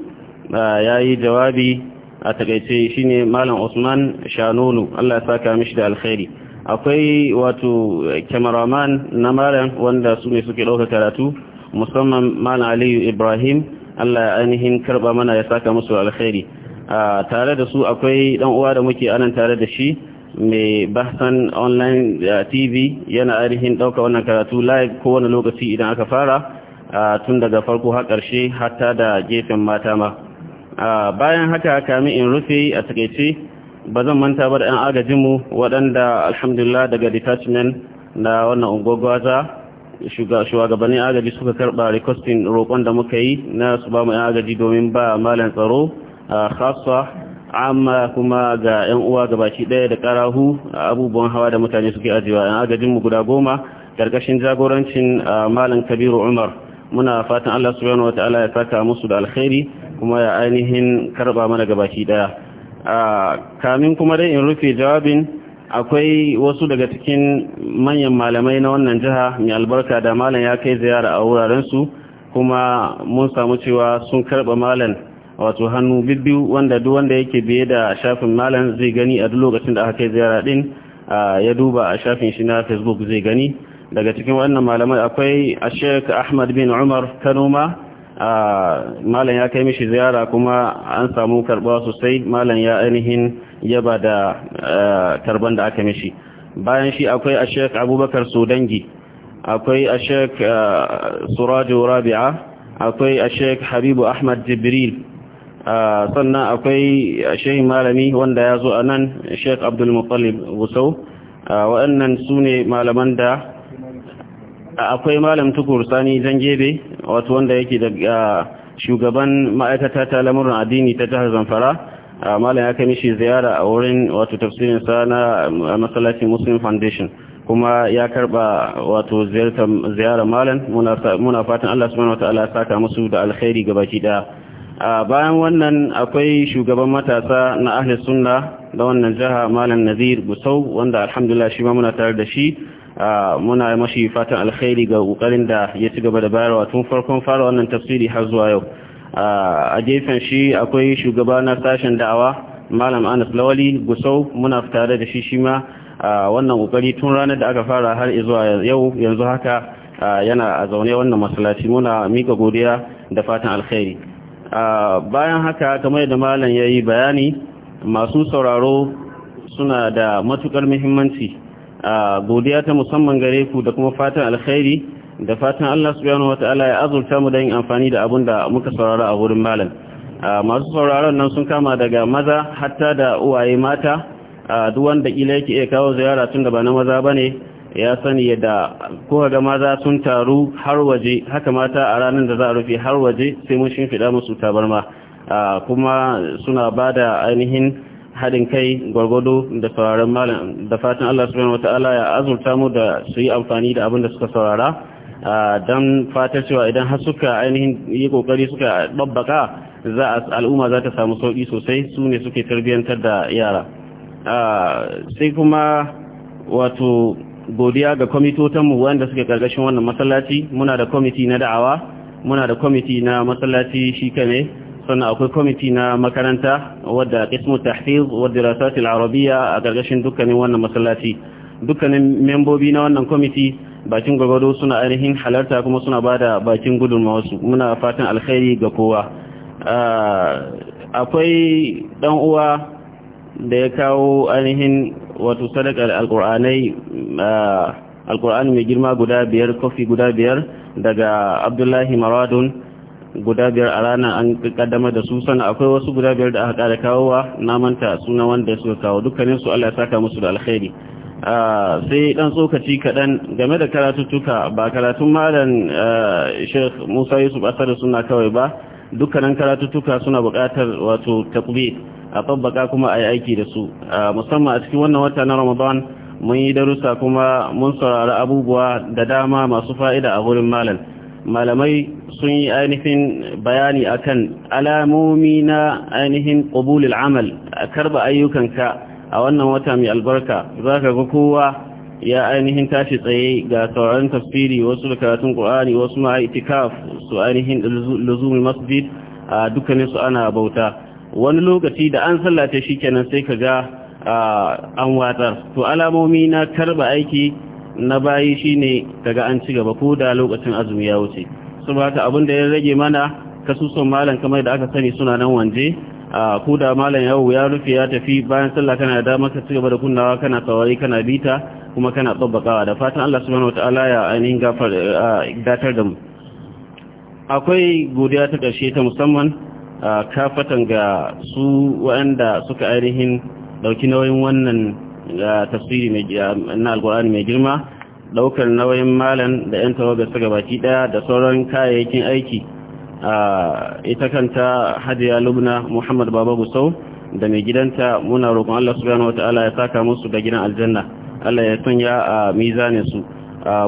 ya yi jawabi a takaice shine malam Usman Shanonu Allah ya saka mishi da alkhairi akwai wato cameraman na malam wanda su ne suke ɗauka karatu musamman malam Aliyu Ibrahim Allah ya ainihin karba mana ya saka musu alkhairi tare da su akwai ɗan uwa da muke anan tare da shi mai bahsan online eh, tv yana ainihin ɗauka wannan karatu live kowane lokaci idan aka fara eh, tun daga farko har ƙarshe hatta da gefen mata ma bayan haka kami in rufe a takaice ba zan manta ba da 'yan agajinmu waɗanda alhamdulillah daga detachment na wannan ungwagwaza shugabannin agaji suka karɓa requesting roƙon da muka yi na su ba mu 'yan agaji domin ba malin tsaro khasa amma kuma ga 'yan uwa baki ɗaya da ƙarahu abubuwan hawa da mutane suke ajiyewa 'yan agajinmu guda goma ƙarƙashin jagorancin malam kabiru umar muna fatan allah subhanahu wa ta'ala ya saka musu da alkhairi kuma ya ainihin karba mana gabaki daya kamin kuma dai in rufe jawabin akwai wasu daga cikin manyan malamai na wannan jiha mai albarka da malam ya kai ziyara a wurarensu kuma mun samu cewa sun karba malam wato hannu bibbi wanda duk wanda yake biye da shafin malam zai gani a duk lokacin da aka kai ziyara din ya duba a shafin shi na facebook zai gani daga cikin wannan malamai akwai ashek ahmad bin umar kanoma malam ya kai mishi ziyara kuma an samu karɓa sosai malam ya ainihin yaba da tarban da aka mishi bayan shi akwai a sheik abubakar sudangi akwai a sheik surajo rabi'a akwai a sheik habibu ahmad jibril sannan akwai a shehin malami wanda ya zo a nan sheik abdulmuttalib gusau waɗannan su ne malaman da akwai malam tukur sani jangebe wato wanda yake da shugaban ma'aikata ta lamurin addini ta jihar zamfara malam ya kai mishi ziyara a wurin wato tafsirin sa na masallacin muslim foundation kuma ya karba wato ziyara malam muna fatan Allah subhanahu wataala saka musu da alkhairi gabaki daya bayan wannan akwai shugaban matasa na ahli sunna da wannan jiha malam nazir busau wanda alhamdulillah shi ma muna tare da shi Ah, muna mashi fatan alkhairi ga kokarin da ya ci gaba da bayarwa tun farkon fara wannan tafsiri har zuwa yau ah, a gefen shi akwai shugaba na sashen da'awa malam anas lawali gusau muna tare da shi shi ma ah, wannan kokari tun ranar da aka fara har zuwa yau yanzu haka yana a zaune wannan masallaci muna mika godiya da fatan alkhairi bayan haka kamar da malam yayi bayani masu sauraro suna da matukar muhimmanci a godiya ta musamman gare ku da kuma fatan alkhairi da fatan Allah subhanahu wataala ya azurta mu da yin amfani da abun da muka saurara a wurin malam masu sauraron nan sun kama daga maza hatta da uwaye mata duk wanda kila yake iya kawo ziyara tun da ba na maza bane ya sani yadda ko ga maza sun taru har waje haka mata a ranar da za a rufe har waje sai mun shimfiɗa musu tabarma kuma suna ba da ainihin haɗin kai gwargwado da sauraron malam da fatan Allah subhanahu wataala ya azurta mu da su yi amfani da abin da suka saurara don fatan cewa idan har suka ainihin yi kokari suka babbaka za al'umma za ta samu sauki sosai su ne suke tarbiyyantar da yara sai kuma wato godiya ga kwamitotanmu wanda suke karkashin wannan masallaci muna da kwamiti na da'awa muna da kwamiti na masallaci shi kane sannan akwai kwamiti na makaranta wadda ismu tahfiz wadda rasatul arabiya a gargashin dukkanin wannan masallaci dukkanin membobi na wannan kwamiti bakin gwagwado suna ainihin halarta kuma suna bada da bakin wasu muna fatan alkhairi ga kowa ah, akwai dan uwa da ya kawo ainihin wato sadakar alkur'anai alkur'ani ah, mai girma guda biyar kofi guda biyar daga abdullahi maradun guda biyar a rana an kaddama da su sana akwai wasu guda biyar da aka kara kawowa na manta suna wanda suka kawo dukkanin su Allah ya saka musu da alkhairi sai dan tsokaci kaɗan game da tuka ba karatun malam Sheikh Musa Yusuf Asadu suna kawai ba dukkanin tuka suna buƙatar wato tatbi a tabbaka kuma a yi aiki da su musamman a cikin wannan wata na Ramadan mun yi darussa kuma mun saurari abubuwa da dama masu fa'ida a gurin malam malamai sun yi ainihin bayani akan alamomi na ainihin ƙubulil amal a karba ayyukanka a wannan wata mai albarka za ka ga kowa ya ainihin tashi tsaye ga sauraron tafsiri wasu da karatun ƙwari wasu ma itikaf su ainihin luzumi masjid a dukkanin su ana bauta wani lokaci da an sallata shi kenan sai ka ga an watsar to alamomi na karba aiki na bayi shine daga an ci gaba ko da lokacin azumi ya wuce su ba ta abin da ya rage mana kasusun malam kamar da aka sani suna nan wanje a ko da malam yawo ya rufe ya tafi bayan sallah kana da damar ka ci gaba da kunnawa kana tsawari kana bita kuma kana tsabbakawa da fatan Allah subhanahu wataala ya ainihin gafar datar da mu akwai godiya ta ƙarshe ta musamman kafatan ga su waɗanda suka ainihin ɗauki nauyin wannan da tafsiri na alkur'ani mai girma daukar nauyin malan da 'yan tawagar su gabaki daya da sauran kayayyakin aiki a ita kanta hadiya lubna muhammad baba gusau da mai gidanta muna roƙon allah subhanahu wata'ala ya saka musu da gidan aljanna allah ya sanya a mizanin su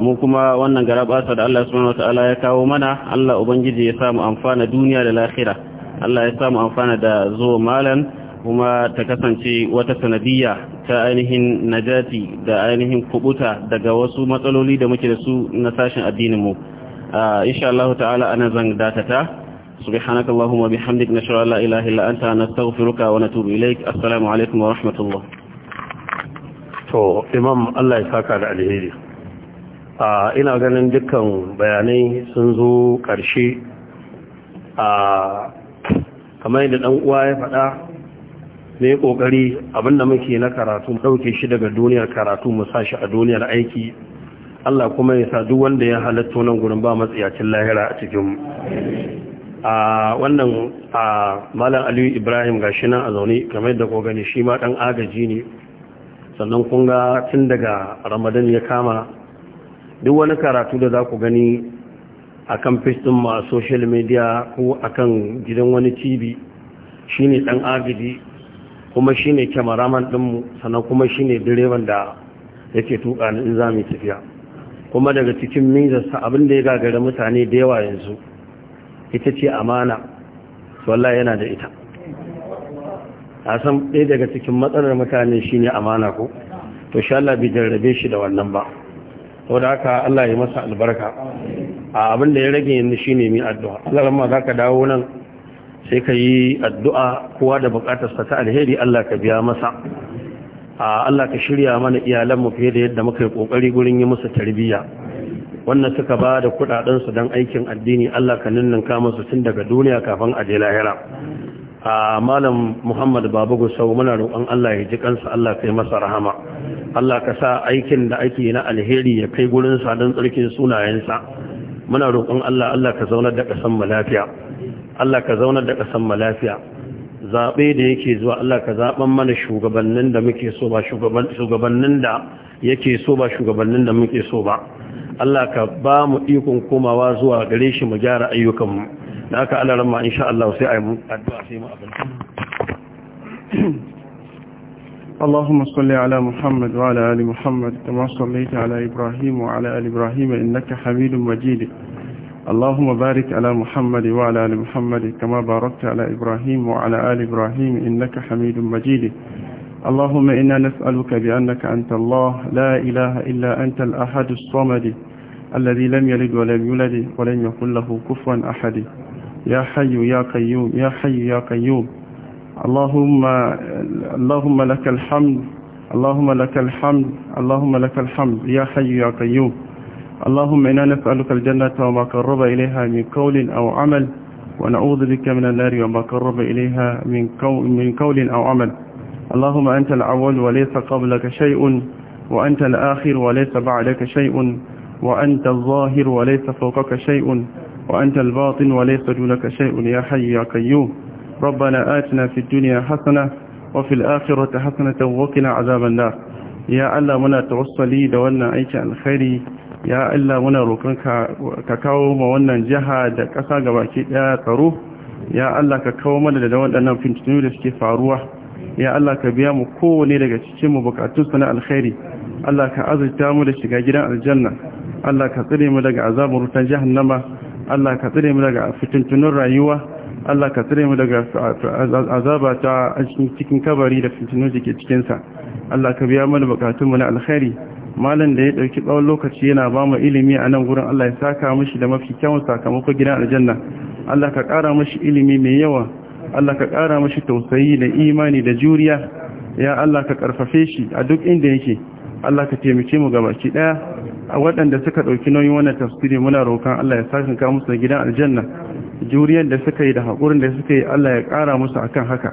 mu kuma wannan gara basa da allah subhanahu ya kawo mana allah ubangiji ya samu amfana duniya da lahira allah ya samu amfana da zuwa malan kuma ta kasance wata sanadiyya ta ainihin najati da ainihin kubuta daga wasu matsaloli da muke da su na sashen addininmu insha Allah ta'ala ana zan datata سبحانك اللهم وبحمدك نشهد ان لا اله الا انت نستغفرك ونتوب اليك السلام alaikum wa to imam Allah ya saka da alheri a ina ganin dukkan bayanai sun zo karshe a kamar yadda dan uwa ya faɗa mu yi kokari abinda muke na karatu dauke shi daga duniyar karatu mu shi a duniyar aiki Allah kuma ya sa duk wanda ya halatta nan gurin ba matsiyacin lahira a cikin mu a wannan a malam aliyu ibrahim gashi nan a zaune kamar ko gani shi ma dan agaji ne sannan kun ga tun daga ramadan ya kama duk wani karatu da za ku gani a kan facebook ma social media ko akan gidan wani tv shine dan agaji kuma shi shine kyamaraman ɗinmu sannan kuma shi ne direban da yake tuka ni in za mu tafiya kuma daga cikin mizarsa abin da ya gagara mutane da yawa yanzu ita ce amana wallahi yana da ita a san ɗaya daga cikin matsalar mutane shi ne amana ko to sha Allah bai jarrabe shi da wannan ba To da haka Allah ya masa albarka a abin da ya rage yanzu shi ne mi addu'a Allah ramma zaka dawo nan sai ka yi addu'a kowa da bukatarsa ta alheri Allah ka biya masa A Allah ka shirya mana iyalanmu fiye da yadda muka yi ƙoƙari gurin yi musu tarbiyya wannan suka ba da kuɗaɗensu don aikin addini Allah ka ninninka musu tun daga duniya kafin a je lahira a malam muhammad babu gusau muna roƙon Allah ya ji kansa Allah ka yi masa rahama Allah ka sa aikin da ake na alheri ya kai gurinsa don tsarkin sunayensa muna roƙon Allah Allah ka zaunar da ƙasan mu lafiya Allah ka zaunar da ƙasar malafiya lafiya zaɓe da yake zuwa Allah ka zaɓen mana shugabannin da muke so ba shugabannin da yake so ba shugabannin da muke so ba Allah ka ba mu ikon komawa zuwa gare shi mu gyara ayyukanmu da aka Allah ranma insha Allah sai a yi addu'a sai mu abin اللهم صل على محمد وعلى ال محمد كما صليت على ابراهيم وعلى ال ابراهيم انك حميد مجيد اللهم بارك على محمد وعلى آل محمد كما باركت على إبراهيم وعلى آل إبراهيم إنك حميد مجيد اللهم إنا نسألك بأنك أنت الله لا إله إلا أنت الأحد الصمد الذي لم يلد ولم يولد ولم يكن له كفوا أحد يا حي يا قيوم يا حي يا قيوم اللهم اللهم لك الحمد اللهم لك الحمد اللهم لك الحمد يا حي يا قيوم اللهم إنا نسألك الجنة وما قرب إليها من قول أو عمل ونعوذ بك من النار وما قرب إليها من قول, من قول أو عمل اللهم أنت الأول وليس قبلك شيء وأنت الآخر وليس بعدك شيء وأنت الظاهر وليس فوقك شيء وأنت الباطن وليس دونك شيء يا حي يا قيوم ربنا آتنا في الدنيا حسنة وفي الآخرة حسنة وقنا عذاب النار يا علمنا منا توصلي دولنا أيك الخير ya Allah muna roƙon ka kawo ma wannan jiha da ƙasa gabaki ɗaya tsaro ya Allah ka kawo mana da waɗannan fintinu da suke faruwa ya Allah ka biya mu kowane daga cikin mu bukatunsa na alkhairi Allah ka azurta mu da shiga gidan aljanna Allah ka tsire mu daga azabun rutan jahannama Allah ka tsire mu daga fitintunun rayuwa Allah ka tsire mu daga azaba ta cikin kabari da fitinun da ke cikinsa Allah ka biya mana mu na alkhairi malam da ya dauki tsawon lokaci yana ba mu ilimi a nan gurin Allah ya saka mishi da mafi kyawun sakamakon gidan aljanna Allah ka kara mishi ilimi mai yawa Allah ka kara mishi tausayi da imani da juriya ya Allah ka karfafe shi a duk inda yake Allah ka taimake mu gabaki daya a waɗanda suka dauki nauyin wannan tafsiri muna roƙon Allah ya saka ka musu gidan aljanna juriyan da suka yi da hakurin da suka yi Allah ya kara musu akan haka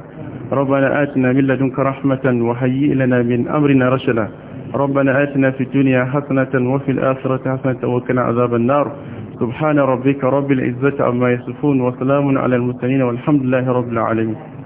ربنا آتنا من لدنك رحمة وهيئ لنا من أمرنا رشدا ربنا آتنا في الدنيا حسنة وفي الآخرة حسنة وقنا عذاب النار سبحان ربك رب العزة عما يصفون وسلام على المرسلين والحمد لله رب العالمين